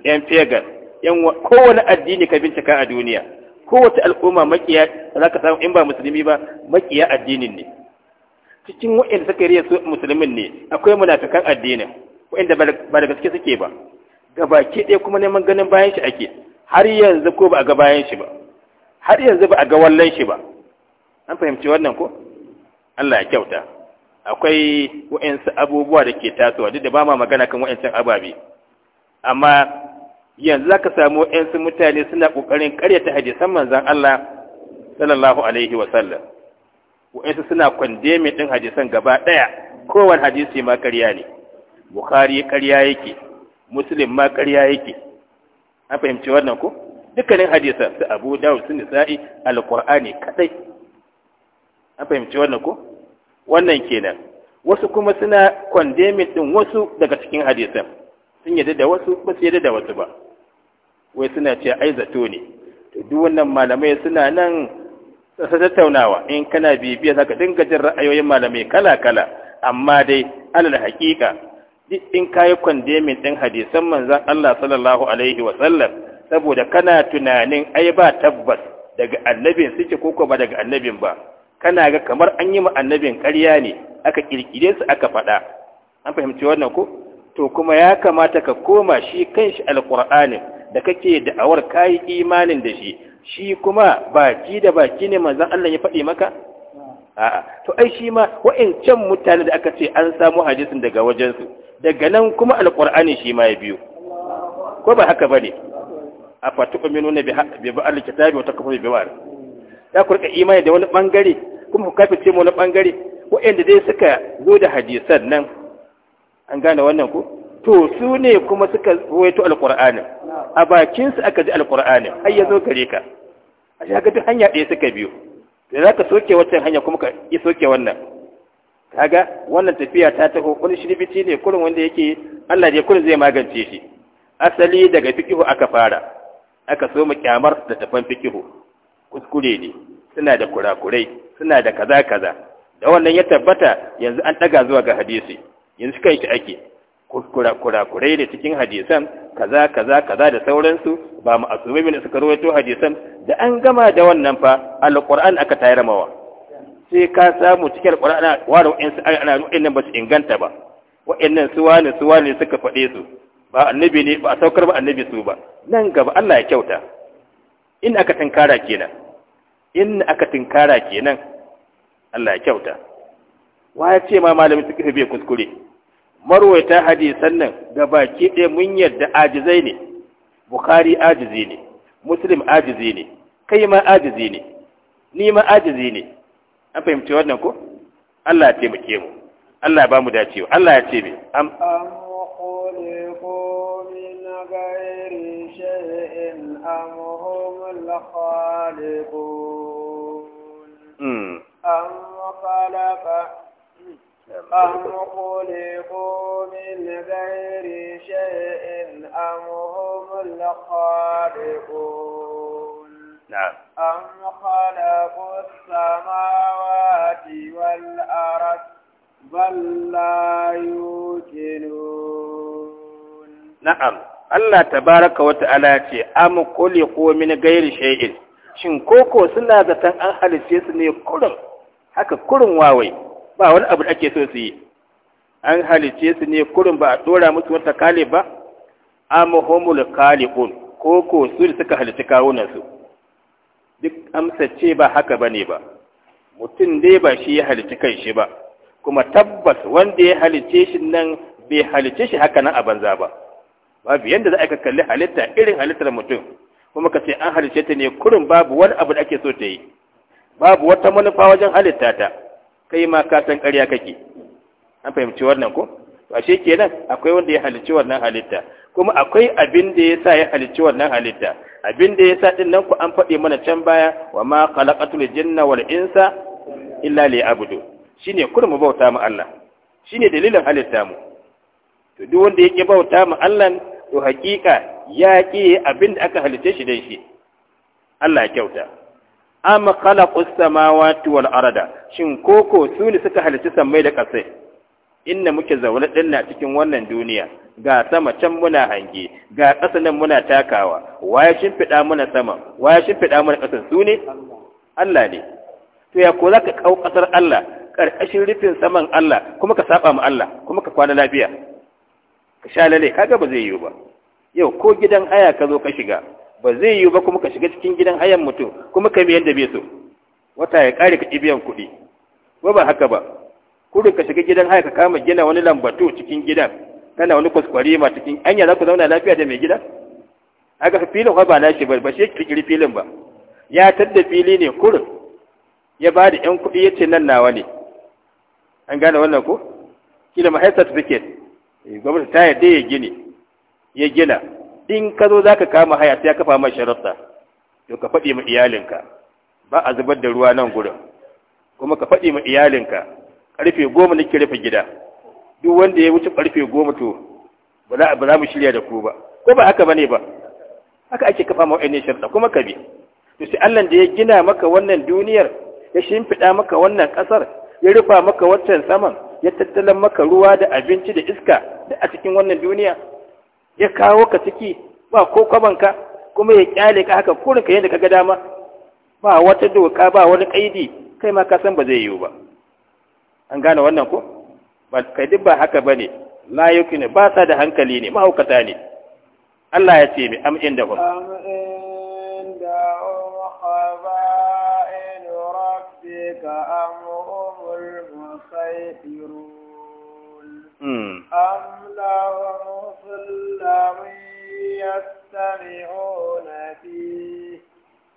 yan fegar kowane addini ka bincika a duniya kowace al'umma makiya za ka samu in ba musulmi ba makiya addinin ne cikin waɗanda suka riya su musulmin ne akwai munafikan addinin waɗanda ba da gaske suke ba gabaki ɗaya kuma neman ganin bayan shi ake har yanzu ko ba a ga bayan shi ba har yanzu ba a ga wallan shi ba an fahimci wannan ko Allah ya kyauta akwai waɗansu abubuwa da ke tasowa duk da ba ma magana kan waɗancan ababe amma yanzu za ka samu ƴan mutane suna kokarin karyata hadisan manzan Allah sallallahu alaihi wa sallam suna kwande mai ɗin hadisan gaba daya kowane hadisi ma ƙarya ne bukhari ƙarya yake muslim ma ƙarya yake an fahimci wannan ku dukkanin hadisan su abu dawud su nisa'i alqur'ani kadai an fahimci wannan ku wannan kenan wasu kuma suna mai ɗin wasu daga cikin hadisan sun yadda da wasu ba su yadda da wasu ba wai suna ce ai zato ne to duk wannan malamai suna nan sa tattaunawa in kana bibiya zaka dinga jin ra'ayoyin malamai kala kala amma dai alal haƙiƙa duk in kayi kwandemin ɗin hadisan manzon Allah sallallahu alaihi wa sallam saboda kana tunanin ai ba tabbas daga annabin suke ko ba daga annabin ba kana ga kamar an yi ma annabin ƙarya ne aka kirkire su aka faɗa an fahimci wannan ko to kuma ya kamata ka koma shi kanshi alƙur'anin da kake da'awar kayi imanin da shi shi kuma baki da baki ne manzon Allah ya faɗi maka a'a to ai shi ma wa'incan mutane da aka ce an samu hadisin daga wajensu daga nan kuma alqur'ani shi ma ya biyo ko ba haka bane afatu'minuna bi ba'al kitabi wa takfuruna bi ba'al da ku rika imani da wani bangare kuma ku ce mu wani bangare wa'inda dai suka zo da hadisan nan an gane wannan ko to su ne kuma suka waito alƙur'anin a bakinsu aka ji alƙur'anin har yazo zo gare ka a shi ga duk hanya ɗaya suka biyu da za ka soke wancan hanya kuma ka yi soke wannan kaga wannan tafiya ta taho wani shirbici ne kurin wanda yake Allah ya kurin zai magance shi asali daga fikihu aka fara aka so mu kyamar da tafan fikihu kuskure ne suna da kurakurai suna da kaza kaza da wannan ya tabbata yanzu an daga zuwa ga hadisi yanzu kai shi ake kurakurai da cikin hadisan kaza kaza kaza da sauransu ba ma'asumai bin suka rawaito hadisan da an gama da wannan fa alquran aka tayar mawa sai ka samu cikin alquran wani in su ana nan ba su inganta ba wa'in su wani su wani suka faɗe su ba annabi ne ba a saukar ba annabi su ba nan gaba Allah ya kyauta in aka tinkara kenan in aka tinkara kenan Allah ya kyauta wa ya ce ma malamin fiqh bai kuskure marwaita hadisan nan ga baki ɗaya mun yadda ajizai ne bukari ajizi ne muslim ajizi ne kai ma ajizi ne ni ma ajizi ne an fahimci wannan ko Allah ya taimake mu Allah ya ba mu dacewa Allah ya ce me am أم هم أم خلقوا من غير شيء أم هم الخالقون نعم أم خلقوا السماوات والأرض بل لا نعم Allah tabaraka wa ta'ala ce am khuliqu min ghairi shay'in shin koko suna zaton an halice su ne kurin haka kurin wawai ba wani abu da ake so su yi an halice su ne kurin ba a dora musu wata kale ba amhumul khaliqun ko ko su da suka halitta kawunan su duk amsa ce ba haka ba ne ba mutum dai ba shi ya kan shi ba kuma tabbas wanda ya halice shi nan bai halice shi haka nan a banza ba babu yadda za a kalli halitta irin halittar mutum kuma ka ce an halice ta ne kurin babu wani abu da ake so ta yi babu wata manufa wajen halitta ta kai ma ka san ƙarya kake an fahimci wannan ko ashe kenan akwai wanda ya halicci wannan halitta kuma akwai abin da ya sa ya halicci wannan halitta abin da ya sa din nan ku an faɗi mana can baya wa ma khalaqatul jinna wal insa illa liya'budu shine mu bauta mu Allah shine dalilin halitta mu to duk wanda yake bauta mu Allah to hakika ya ki abin da aka halicce shi dai shi Allah ya kyauta am khalaqus samawati wal arda shin koko su ne suka halarci samai da kasai inna muke zaune din na cikin wannan duniya ga sama can muna hange ga ƙasa nan muna takawa waye shin fida muna sama waye shin fida muna ƙasa su ne Allah ne to ya ko zaka kau ƙasar Allah karkashin rufin saman Allah kuma ka saba ma Allah kuma ka kwana lafiya ka sha kaga ba zai yiwu ba yau ko gidan haya ka zo ka shiga ba zai yi ba kuma ka shiga cikin gidan hayan mutum kuma ka biyan da bai so wata ya kare ka biyan kuɗi ba ba haka ba kudin ka shiga gidan haya ka kama gina wani lambatu cikin gidan kana wani kwaskwari ma cikin anya za ku zauna lafiya da mai gida aka filin ba na shi ba shi kirkiri filin ba ya tadda fili ne kurin ya ba da yan kuɗi ya ce nan nawa ne an gane wannan ko kila ma hai certificate eh, gwamnati ta yadda ya gini ya gina in ka zo za ka kama haya sai ya kafa mai sharatta to ka faɗi ma iyalinka ba a zubar da ruwa nan gudun. kuma ka faɗi ma iyalinka ƙarfe goma nake rufe gida duk wanda ya wuce ƙarfe goma to ba za mu shirya da ku ba ko ba haka bane ba haka ake kafa ma wa'annan sharaɗa kuma ka bi to sai Allah da ya gina maka wannan duniyar ya shimfiɗa maka wannan ƙasar ya rufa maka wancan saman ya tattalin maka ruwa da abinci da iska duk a cikin wannan duniya ya kawo ka ciki ba ko kwabanka kuma ya kyale ka haka kurin ka yadda ka ga dama ba wata doka ba wani kaidi kai ma ka san ba zai yiwu ba an gane wannan ko ba kai duk ba haka bane la ne ba sa da hankali ne mahaukata ne Allah ya ce mi am inda hum أم لهم وسلم يستمعون فيه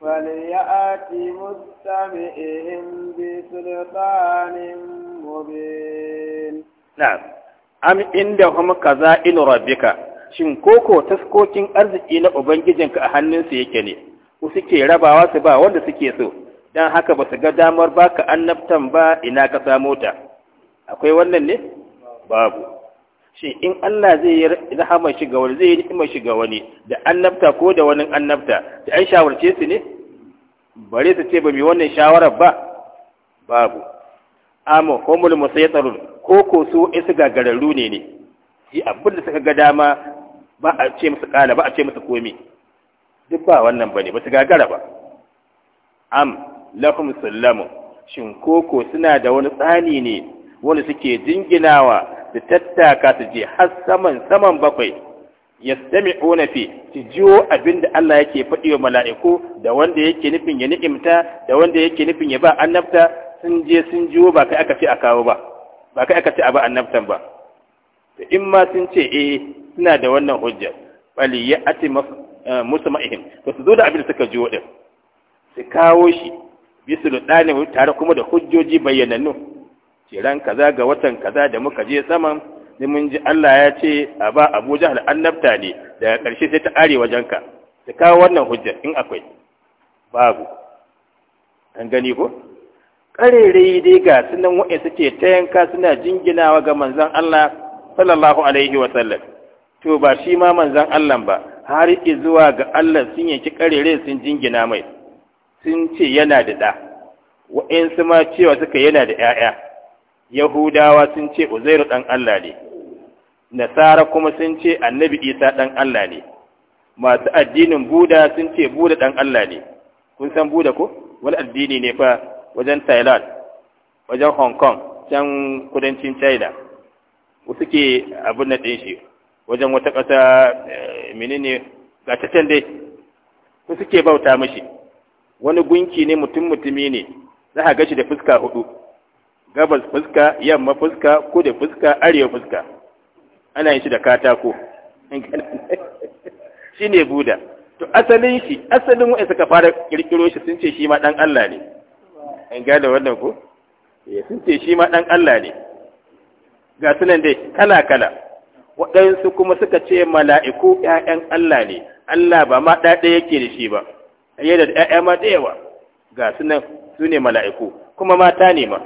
فليأت مستمعهم بسلطان مبين نعم أم عندهم ربك shin koko taskokin arziki na ubangijinka a hannunsu yake ne ku suke rabawa su ba wanda suke so don haka ba su ga damar baka annabtan ba ina ka samo ta akwai wannan ne babu shi in Allah zai yi rahama shi ga wani zai yi ni'imar shi ga wani da annabta ko da wani annabta da an shawarce su ne bare su ce ba mai wannan shawarar ba babu amma homul musayyatarun ko ko su in su gagararru ne ne yi abin da suka ga dama ba a ce musu kala ba a ce musu komi duk ba wannan ba ne, ba su gagara ba am lahum sallamu shin koko suna da wani tsani ne wani suke jinginawa ta tattaka su je har saman saman bakwai ya sami fi su abin abinda Allah yake faɗi wa mala'iku da wanda yake nufin ya ni'imta da wanda yake nufin ya ba annabta sun je sun jiwo ba kai aka ce a kawo ba ba kai aka ce a ba annabtan ba to in ma sun ce eh suna da wannan hujjar bali ya ati musu eh, ma'ihim to su zo da abin da suka jiwo din su kawo shi bisu da tare kuma da hujjoji bayyanannu ce ran kaza ga watan kaza da muka je saman sai mun ji Allah ya ce a ba Abu Jahl annabta ne daga ƙarshe sai ta are wajenka ta kawo wannan hujjar in akwai babu an gani ko ƙarere dai ga sunan wa'in suke ta yanka suna jinginawa ga manzon Allah sallallahu alaihi wa sallam to ba shi ma manzon Allah ba har zuwa ga Allah sun yanki ƙarere sun jingina mai sun ce yana da da. wa'in su ma cewa suka yana da ‘ya'ya yahudawa sun ce uzairu ɗan Allah ne nasara kuma sun ce annabi isa ɗan Allah ne masu addinin buda sun ce buda ɗan Allah ne kun san buda ko wani addini ne fa wajen thailand wajen hong kong can kudancin china wasu ke abin na ɗin shi wajen wata ƙasa eh, menene ga ta can dai su suke bauta mashi wani gunki ne mutum mutumi ne za a gashi da fuska hudu gabas fuska yamma fuska kudu fuska arewa fuska ana yin shi da katako <laughs> shi ne buda to asalin shi asalin wa'in suka fara kirkiro shi sun ce shi ma ɗan Allah ne an gane wannan ko eh, sun ce shi ma ɗan Allah ne ga sunan dai kala kala waɗansu kuma suka ce mala'iku ‘ya'yan Allah ne Allah ba ma ɗaɗe yake da shi ba yadda da ƴaƴa ma yawa. ga sunan su ne mala'iku kuma mata ne ma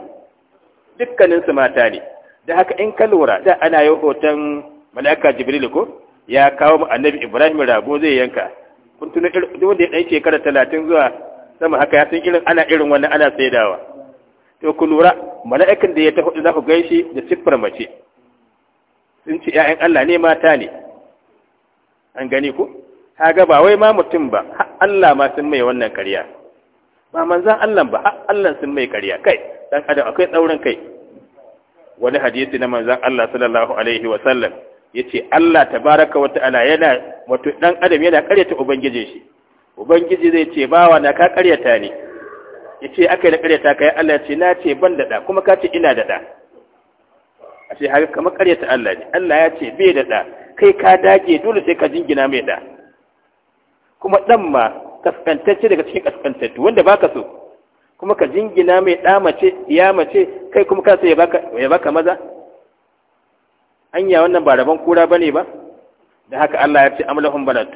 dukkaninsu mata ne da haka in ka lura da ana yi hoton mala'ika jibril ko ya kawo mu annabi ibrahim rago zai yanka kun tuna duk wanda ya ɗan shekara talatin zuwa sama haka ya san irin ana irin wannan ana saidawa to ku lura mala'ikan da ya taho za ku gaishi da siffar mace sun ce ‘ya'yan Allah ne mata ne an gani ku haga ba wai ma mutum ba Allah ma sun mai wannan karya ba manzan Allah ba Allah sun mai karya kai dan adam akwai tsaurin kai wani hadisi na manzon Allah sallallahu alaihi wa sallam yace Allah tabaraka wa ta'ala yana wato dan adam yana karyata ubangijin shi ubangiji zai ce bawa na ka karyata ne yace akai da karyata kai Allah ce na ce ban da da kuma ka ce ina da da ce haka kamar karyata Allah ne Allah ya ce bai da da kai ka dage dole sai ka jingina mai da kuma dan ma kaskantacce daga cikin kaskantattu wanda baka so kuma ka jingina mai ɗa mace ya mace kai kuma ka sa ya baka maza anya wannan ba rabon kura bane ba da haka Allah ya ce amlahum balad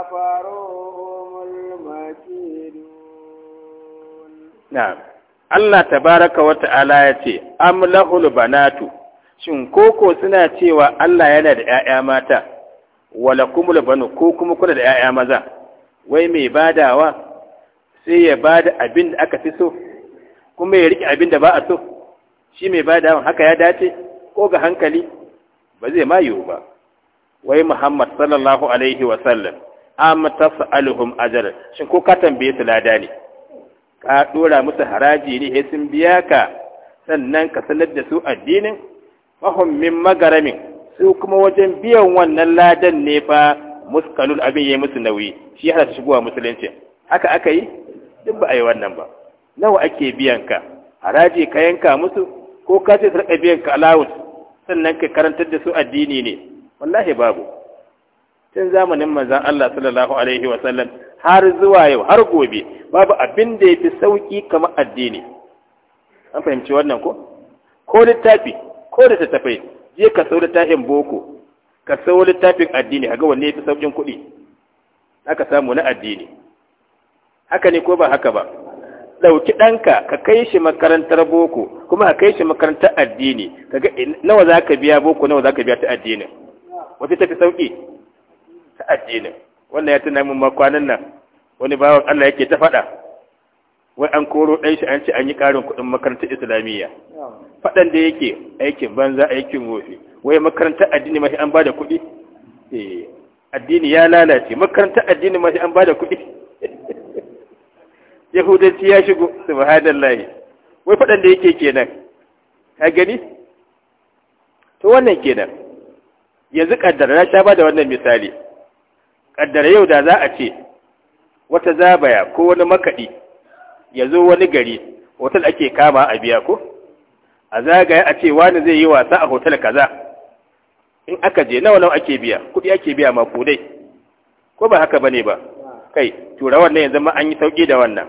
Allah ta baraka Allah tabaraka wa ta'ala ya ce, Am lahul banatu, shin koko suna cewa Allah yana da ‘ya'ya mata, wala kuma labanu ko kuma kuna da ‘ya'ya maza, wai mai badawa sai ya bada abin da aka fi so, kuma ya riƙe abin da ba a so, shi mai badawa haka ya dace, ko ga hankali, ba zai ma yiwu ba. Wai Muhammad sallallahu Alaihi wasallam amma tas'aluhum ajr shin ko ka tambaye su lada ne ka dora musu haraji ne sai sun biya ka sannan ka sanar da su addinin fahum min magaramin su kuma wajen biyan wannan ladan ne fa muskalul abin yayi musu nauyi shi ya hada shigowa musulunci haka aka yi duk ba a yi wannan ba nawa ake biyan ka haraji ka yanka musu ko ka ce su biyan ka allowance sannan ka karantar da su addini ne wallahi babu tun zamanin manzan Allah sallallahu alaihi wa sallam har zuwa yau har gobe babu abin da yafi sauki kamar addini an fahimci wannan ko ko littafi ko da tattafai je ka sau littafin boko ka sau littafin addini a ga wanne yafi saukin kuɗi aka samu na addini haka ne ko ba haka ba ɗauki ɗanka ka kai shi makarantar boko kuma ka kai shi makarantar addini kaga nawa za ka biya boko nawa za ka biya ta addini wata tafi sauƙi ta addinin wannan ya tuna min makwanan nan wani bawan Allah yake ta faɗa wai an koro ɗan shi an ce an yi ƙarin kuɗin makarantar islamiyya faɗan da yake aikin banza aikin wofi wai makarantar addini shi an ba da kuɗi eh, addini ya lalace makarantar addini shi an ba da kuɗi <laughs> yahudanci ya shigo subhanallah wai faɗan da yake kenan ka gani to wannan kenan yanzu kaddara na sha ba da wannan misali kaddara yau da za a ce wata zabaya ko wani makaɗi ya zo wani gari hotel ake kama a biya ko a zagaya a ce wani zai yi wasa a hotel kaza in aka je nawa nawa ake biya kuɗi ake biya ma kudai ko ba haka bane ba kai tura wannan yanzu ma an yi sauki da wannan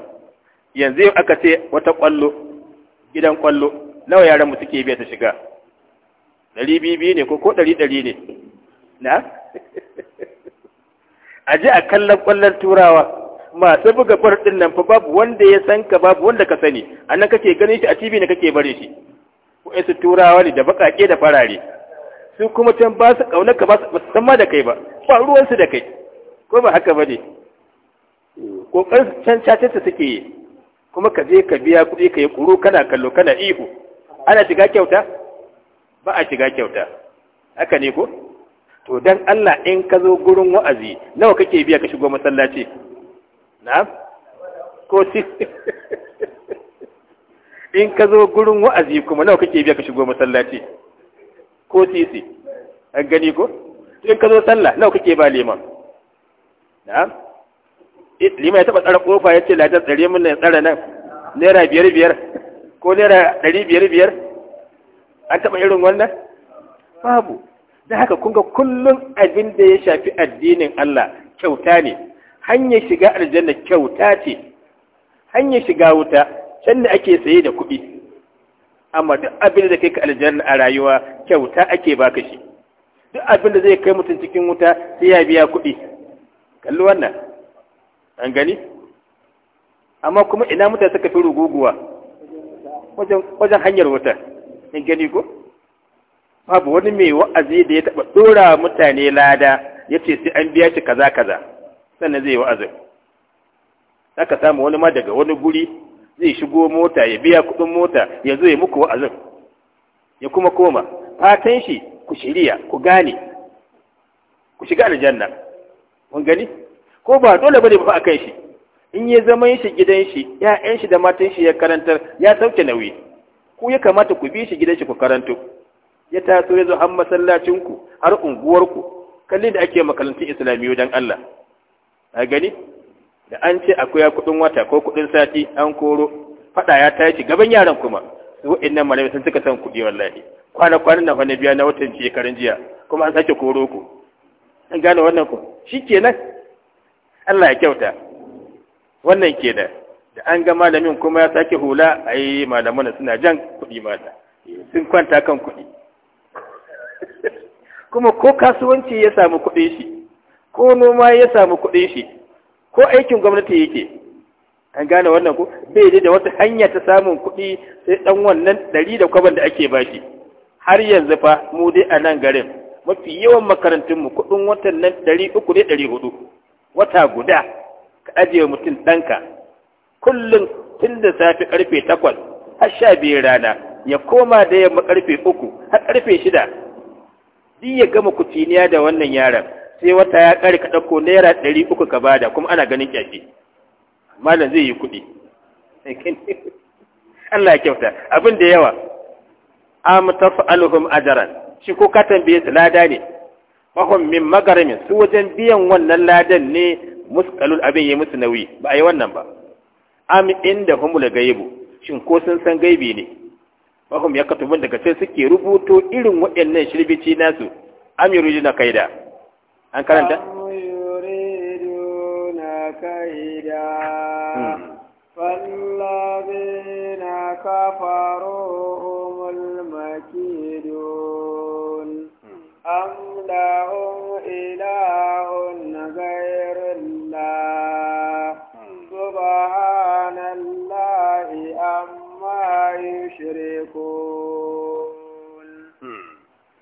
yanzu yau aka ce wata kwallo gidan kwallo nawa yaran mu suke biya ta shiga ɗari biyu ne ko ko ɗari ɗari ne na <laughs> a ji a kallon ƙwallon turawa masu buga kwarɗin nan fa babu wanda ya san ka babu wanda ka sani a nan kake ganin shi a tv ne kake bare shi Ko su turawa ne da baƙaƙe da farare su kuma can ba su ƙaunar ka ba su san ma da kai ba ba ruwansu da kai ko ba haka ba ne Ƙoƙar can cacinsa suke yi kuma ka je ka biya kuɗi ka yi ƙuru kana kallo kana ihu ana shiga kyauta ba a shiga kyauta haka ne ko to dan Allah in ka zo gurin wa'azi nawa kake biya ka shigo masallaci na'am ko si <laughs> in ka zo gurin wa'azi kuma nawa kake biya ka shigo masallaci ko sisi an gani ko in ka zo sallah nawa kake ba liman na'am eh, liman ya taba tsara kofa ya ce lafiya tsare mun ya tsara nan naira biyar biyar ko naira ɗari biyar biyar an taba irin wannan babu Na haka kun ga kullum abin da ya shafi addinin Allah kyauta ne hanyar shiga aljanna kyauta ce hanyar shiga wuta can da ake saye da kuɗi amma duk abin da kai ka aljanna a rayuwa kyauta ake baka shi duk abin da zai kai mutum cikin wuta sai ya biya kuɗi kalli wannan an gani amma kuma ina mutane suka fi ruguguwa wajen hanyar wuta in gani ko babu wani mai wa'azi da ya taɓa ɗora mutane lada ya ce sai an biya shi kaza kaza sannan zai wa'azi aka samu wani ma daga wani guri zai shigo mota ya biya kuɗin mota ya zo ya muku wa'azin ya kuma koma fatan shi ku shirya ku gane ku shiga aljanna mun gani ko ba dole bane ba akan shi in ya zama shi gidan shi ya'yan shi da matan shi ya karantar ya sauke nauyi ku ya kamata ku bi shi gidan shi ku karanto ya taso ya zo har masallacinku har unguwarku kalli da ake makarantun islamiyu don Allah a gani da an ce akwai kuɗin wata ko kuɗin sati an koro faɗa ya tashi gaban yaran kuma su wa'annan malami sun suka san kuɗi wallahi kwana kwanan na wani biya na watan shekarun jiya kuma an sake koro ku an gane wannan ku Shi nan. Allah ya kyauta wannan kenan da an ga malamin kuma ya sake hula ai malaman suna jan kuɗi mata sun kwanta kan kuɗi kuma ko kasuwanci ya samu kuɗin shi ko noma ya samu kuɗin shi ko aikin gwamnati yake an gane wannan ko bai da wata hanya ta samun kuɗi sai ɗan wannan ɗari da kwaban da ake bashi har yanzu fa mu dai a nan garin mafi yawan makarantunmu kuɗin watan nan ɗari uku ne ɗari hudu wata guda ka ajiye mutum ɗanka kullum tun da safe ƙarfe takwas har sha biyu rana ya koma da yamma ƙarfe uku har ƙarfe shida in ya gama kutiniya da wannan yaran. sai wata ya kare ka ɗauko naira ɗari uku ka bada kuma ana ganin kyashi malam zai yi kuɗi <laughs> Allah ya kyauta abin da yawa am taf'aluhum ajran shi ko ka tambaye su lada ne fahum min magarimin su wajen biyan wannan ladan ne musqalul abin ya musu nauyi ba a yi wannan ba am inda humul gaibu shin ko sun san gaibi ne wahum ya katubun daga sai suke rubuto irin waɗannan shirbici nasu am na kaida an karanta كيدا na kafaro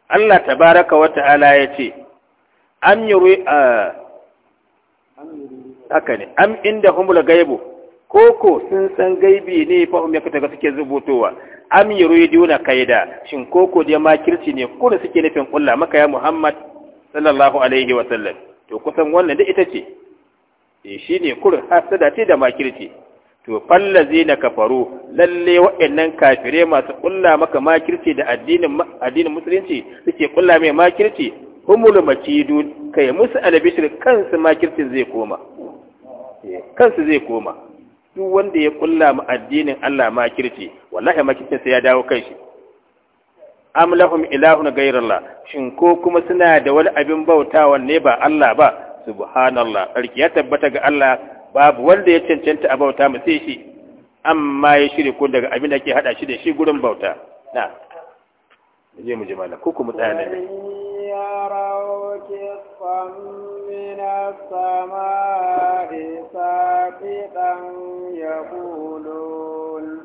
Allah tabaraka wa ta'ala ya ce am yuri a haka ne am inda gaibu koko sun san gaibi ne fa um ya ga suke rubutowa am yuriduna kaida shin koko dai makirci ne ko da suke nufin ƙulla maka ya Muhammad sallallahu alaihi wa to kusan wannan da ita ce eh, shi ne kurin hasada ce da makirci to fallazi na kafaru lalle wa'annan kafire masu ƙulla maka makirci da addinin addinin musulunci suke ƙulla mai makirci humul makidun kai musu albishir kansu makircin zai koma eh, kansu zai koma duk wanda ya ƙulla ma addinin Allah makirci wallahi makircin sai ya dawo kanshi am lahum ilahun ghayrallah shin ko kuma suna da wani abin bautawa ne ba Allah ba subhanallah sarki ya tabbata ga Allah Babu wanda ya cancanta a bauta mu tse shi, amma ya shirya ko daga abinda a ke haɗa shi da shi gurin bauta na. je muje mana ko kun mu tsara dade. Wani yarauki kwamina samari safi dan ya kulu,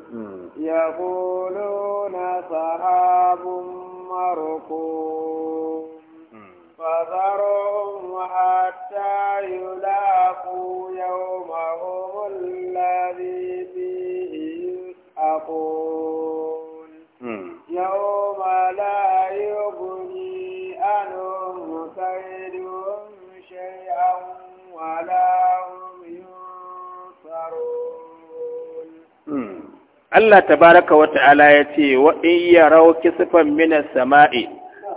ya kulu nasarabin marukku. Bazaroma a Allah tabaraka wa ta'ala ya ce wa in yarau kisfan minas sama'i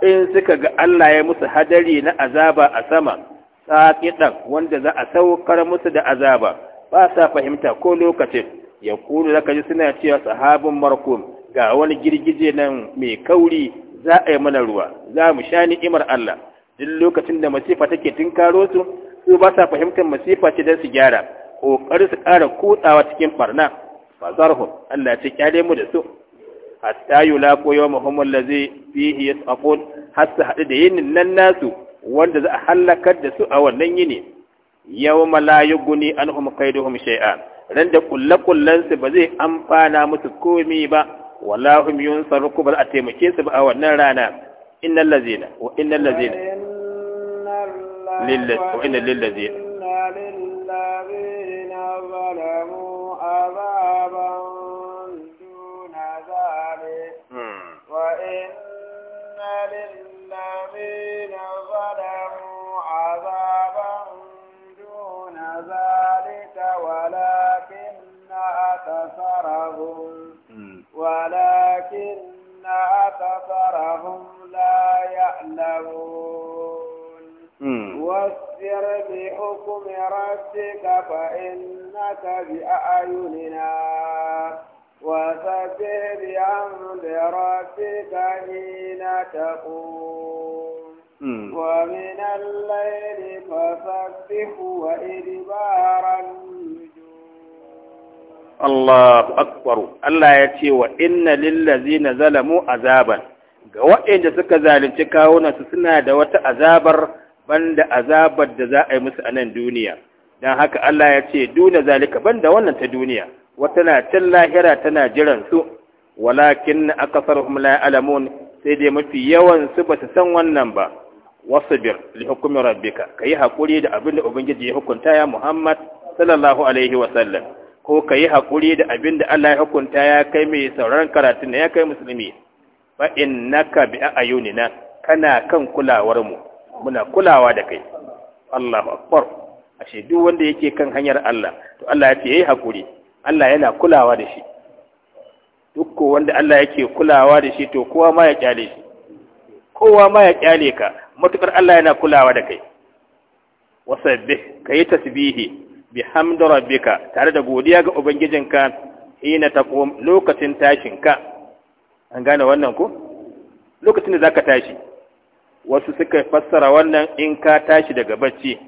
in suka ga Allah ya musu hadari na azaba a sama saƙiɗan wanda za a saukar musu da azaba ba sa fahimta ko lokacin ya kulu da ji suna cewa sahabin markum ga wani girgije nan mai kauri za a yi mana ruwa za mu sha ni'imar Allah duk lokacin da masifa take tinkaro su su ba fahimtar masifa ce don su gyara ƙoƙarin su ƙara kutsawa cikin ɓarna. fazarhum Allah ya ce kyale mu da su hatta yulaqu yawmahum allazi fihi yasqun hatta hadu da yinin nan nasu wanda za a halakar da su a wannan yini yawma la yughni anhum kaiduhum shay'a ran da kullakullan su ba zai amfana musu komai ba wallahum yunsaru kubal a taimake su ba a wannan rana innal lazina wa innal lazina lillahi wa innal lillazina للذين ظلموا عذاب للذين ظلموا عذابا دون ذلك ولكن أكثرهم ولكن أكثرهم لا يعلمون واصبر بحكم ربك فإنك بأعيننا وسبح بحمد ربك حين تقوم ومن الليل فسبح وإدبار الله أكبر الله azaban". ga waɗanda suka zalunci kawunansu suna da wata azabar banda azabar da za a yi musu a nan duniya don haka Allah ya ce duna zalika banda wannan ta duniya wata na can lahira tana jiran su walakin akasarhum la alamun sai dai mafi yawan su ba su san wannan ba wasbir li hukmi rabbika kai hakuri da abin da ubangiji ya hukunta ya Muhammad sallallahu alaihi wa sallam ko kai hakuri da abin da Allah ya hukunta ya kai mai sauraron karatun ya kai musulmi fa innaka bi ayunina kana kan kulawar mu muna kulawa da kai Allahu akbar ashe duk wanda yake kan hanyar Allah to Allah ya ce yayi hakuri Allah yana kulawa da shi duk wanda Allah yake kulawa da shi to kowa ma ya kyale shi kowa ma ya kyale ka matukar Allah yana kulawa da kai wasabbih kayi tasbihi bihamdi rabbika tare da godiya ga ubangijinka hina taqum lokacin tashinka an gane wannan ko lokacin da zaka tashi wasu suka fassara wannan in ka tashi daga bacci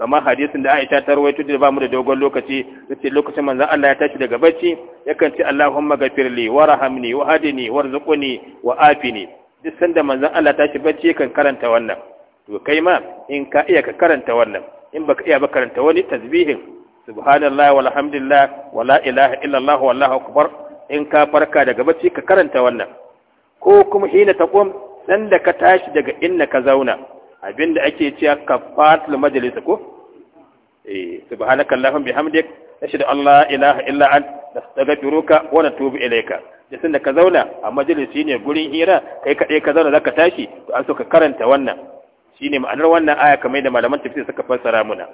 kamar hadisin da Aisha ta rawaito da bamu da dogon lokaci ce lokacin manzon Allah ya tashi daga bacci yakan ce Allahumma ghafirli warhamni wahdini warzuqni wa ne duk sanda manzon Allah tashi bacci yakan karanta wannan to kai ma in ka iya ka karanta wannan in baka iya ba karanta wani tasbihin subhanallahi walhamdulillah wala ilaha illallah wallahu akbar in ka farka daga bacci ka karanta wannan ko kuma hina taqum sanda ka tashi daga inna ka zauna abinda ake cewa kafatul majalis ko eh subhanaka allahumma bihamdik ashhadu an la ilaha illa ant nastaghfiruka wa natubu ilayka da ka zauna a majalisi ne gurin hira kai kaɗai ka zauna zaka tashi to an so ka karanta wannan shine ma'anar wannan aya kamar da malaman tafsir suka fassara muna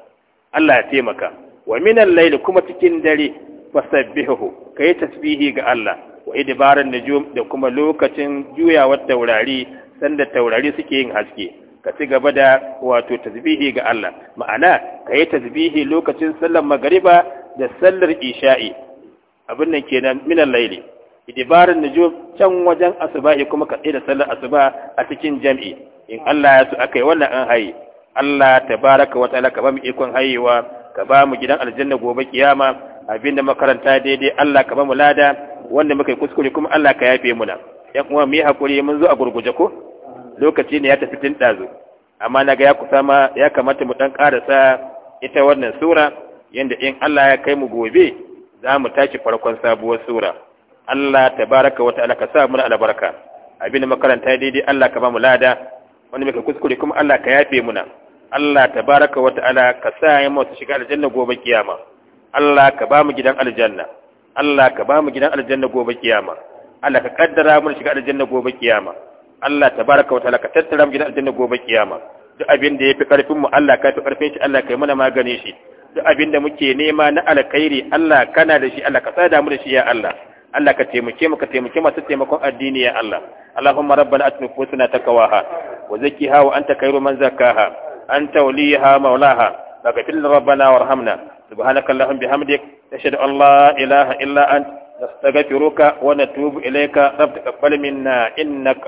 Allah ya taimaka wa minal layl kuma cikin dare fasabbihu kai tasbihi ga Allah wa idbaran najum da kuma lokacin juyawar taurari sanda taurari suke yin haske ka ci gaba da wato tasbihi ga Allah ma'ana ka yi tasbihi lokacin sallar magariba da sallar isha'i abin nan kenan minan laili idibarin nujum can wajen asuba'i kuma ka da sallar asuba a cikin jam'i in Allah ya so yi wannan an haye Allah tabaraka wa ta'ala ka ba mu ikon hayewa ka ba mu gidan aljanna gobe kiyama abinda makaranta daidai Allah ka ba mu lada wanda muka yi kuskure kuma Allah ka yafe mu na yan uwa mu yi hakuri mun zo a gurguje ko lokaci ne ya tafi tun ɗazu amma na ga ya kusa ma ya kamata mu ɗan ƙarasa ita wannan sura yadda in Allah ya kai mu gobe za mu tashi farkon sabuwar sura Allah tabaraka wata ala ka sa mana albarka abin da makaranta daidai Allah ka ba mu lada wani muka kuskure kuma Allah ka yafe muna Allah tabaraka wata ala ka sa mu masu shiga aljanna gobe kiyama Allah ka ba mu gidan aljanna Allah ka ba mu gidan aljanna gobe kiyama Allah ka kaddara mu shiga aljanna gobe kiyama Allah ta wa ta'ala ka tattara mu gidan aljanna gobe kiyama duk abin da yafi karfin mu Allah ka fi karfin shi Allah kai mana magani shi duk abin da muke nema na alkhairi Allah kana da shi Allah ka tsada mu da shi ya Allah Allah ka taimake mu ka taimake masu taimakon addini ya Allah Allahumma rabbana atina nufusana taqwaha wa zakkiha wa anta khairu man zakkaha anta waliyaha maulaha فاغفر ربنا وارحمنا سبحانك اللهم بحمدك نشهد ان لا اله الا انت نستغفرك ونتوب اليك رب تقبل منا انك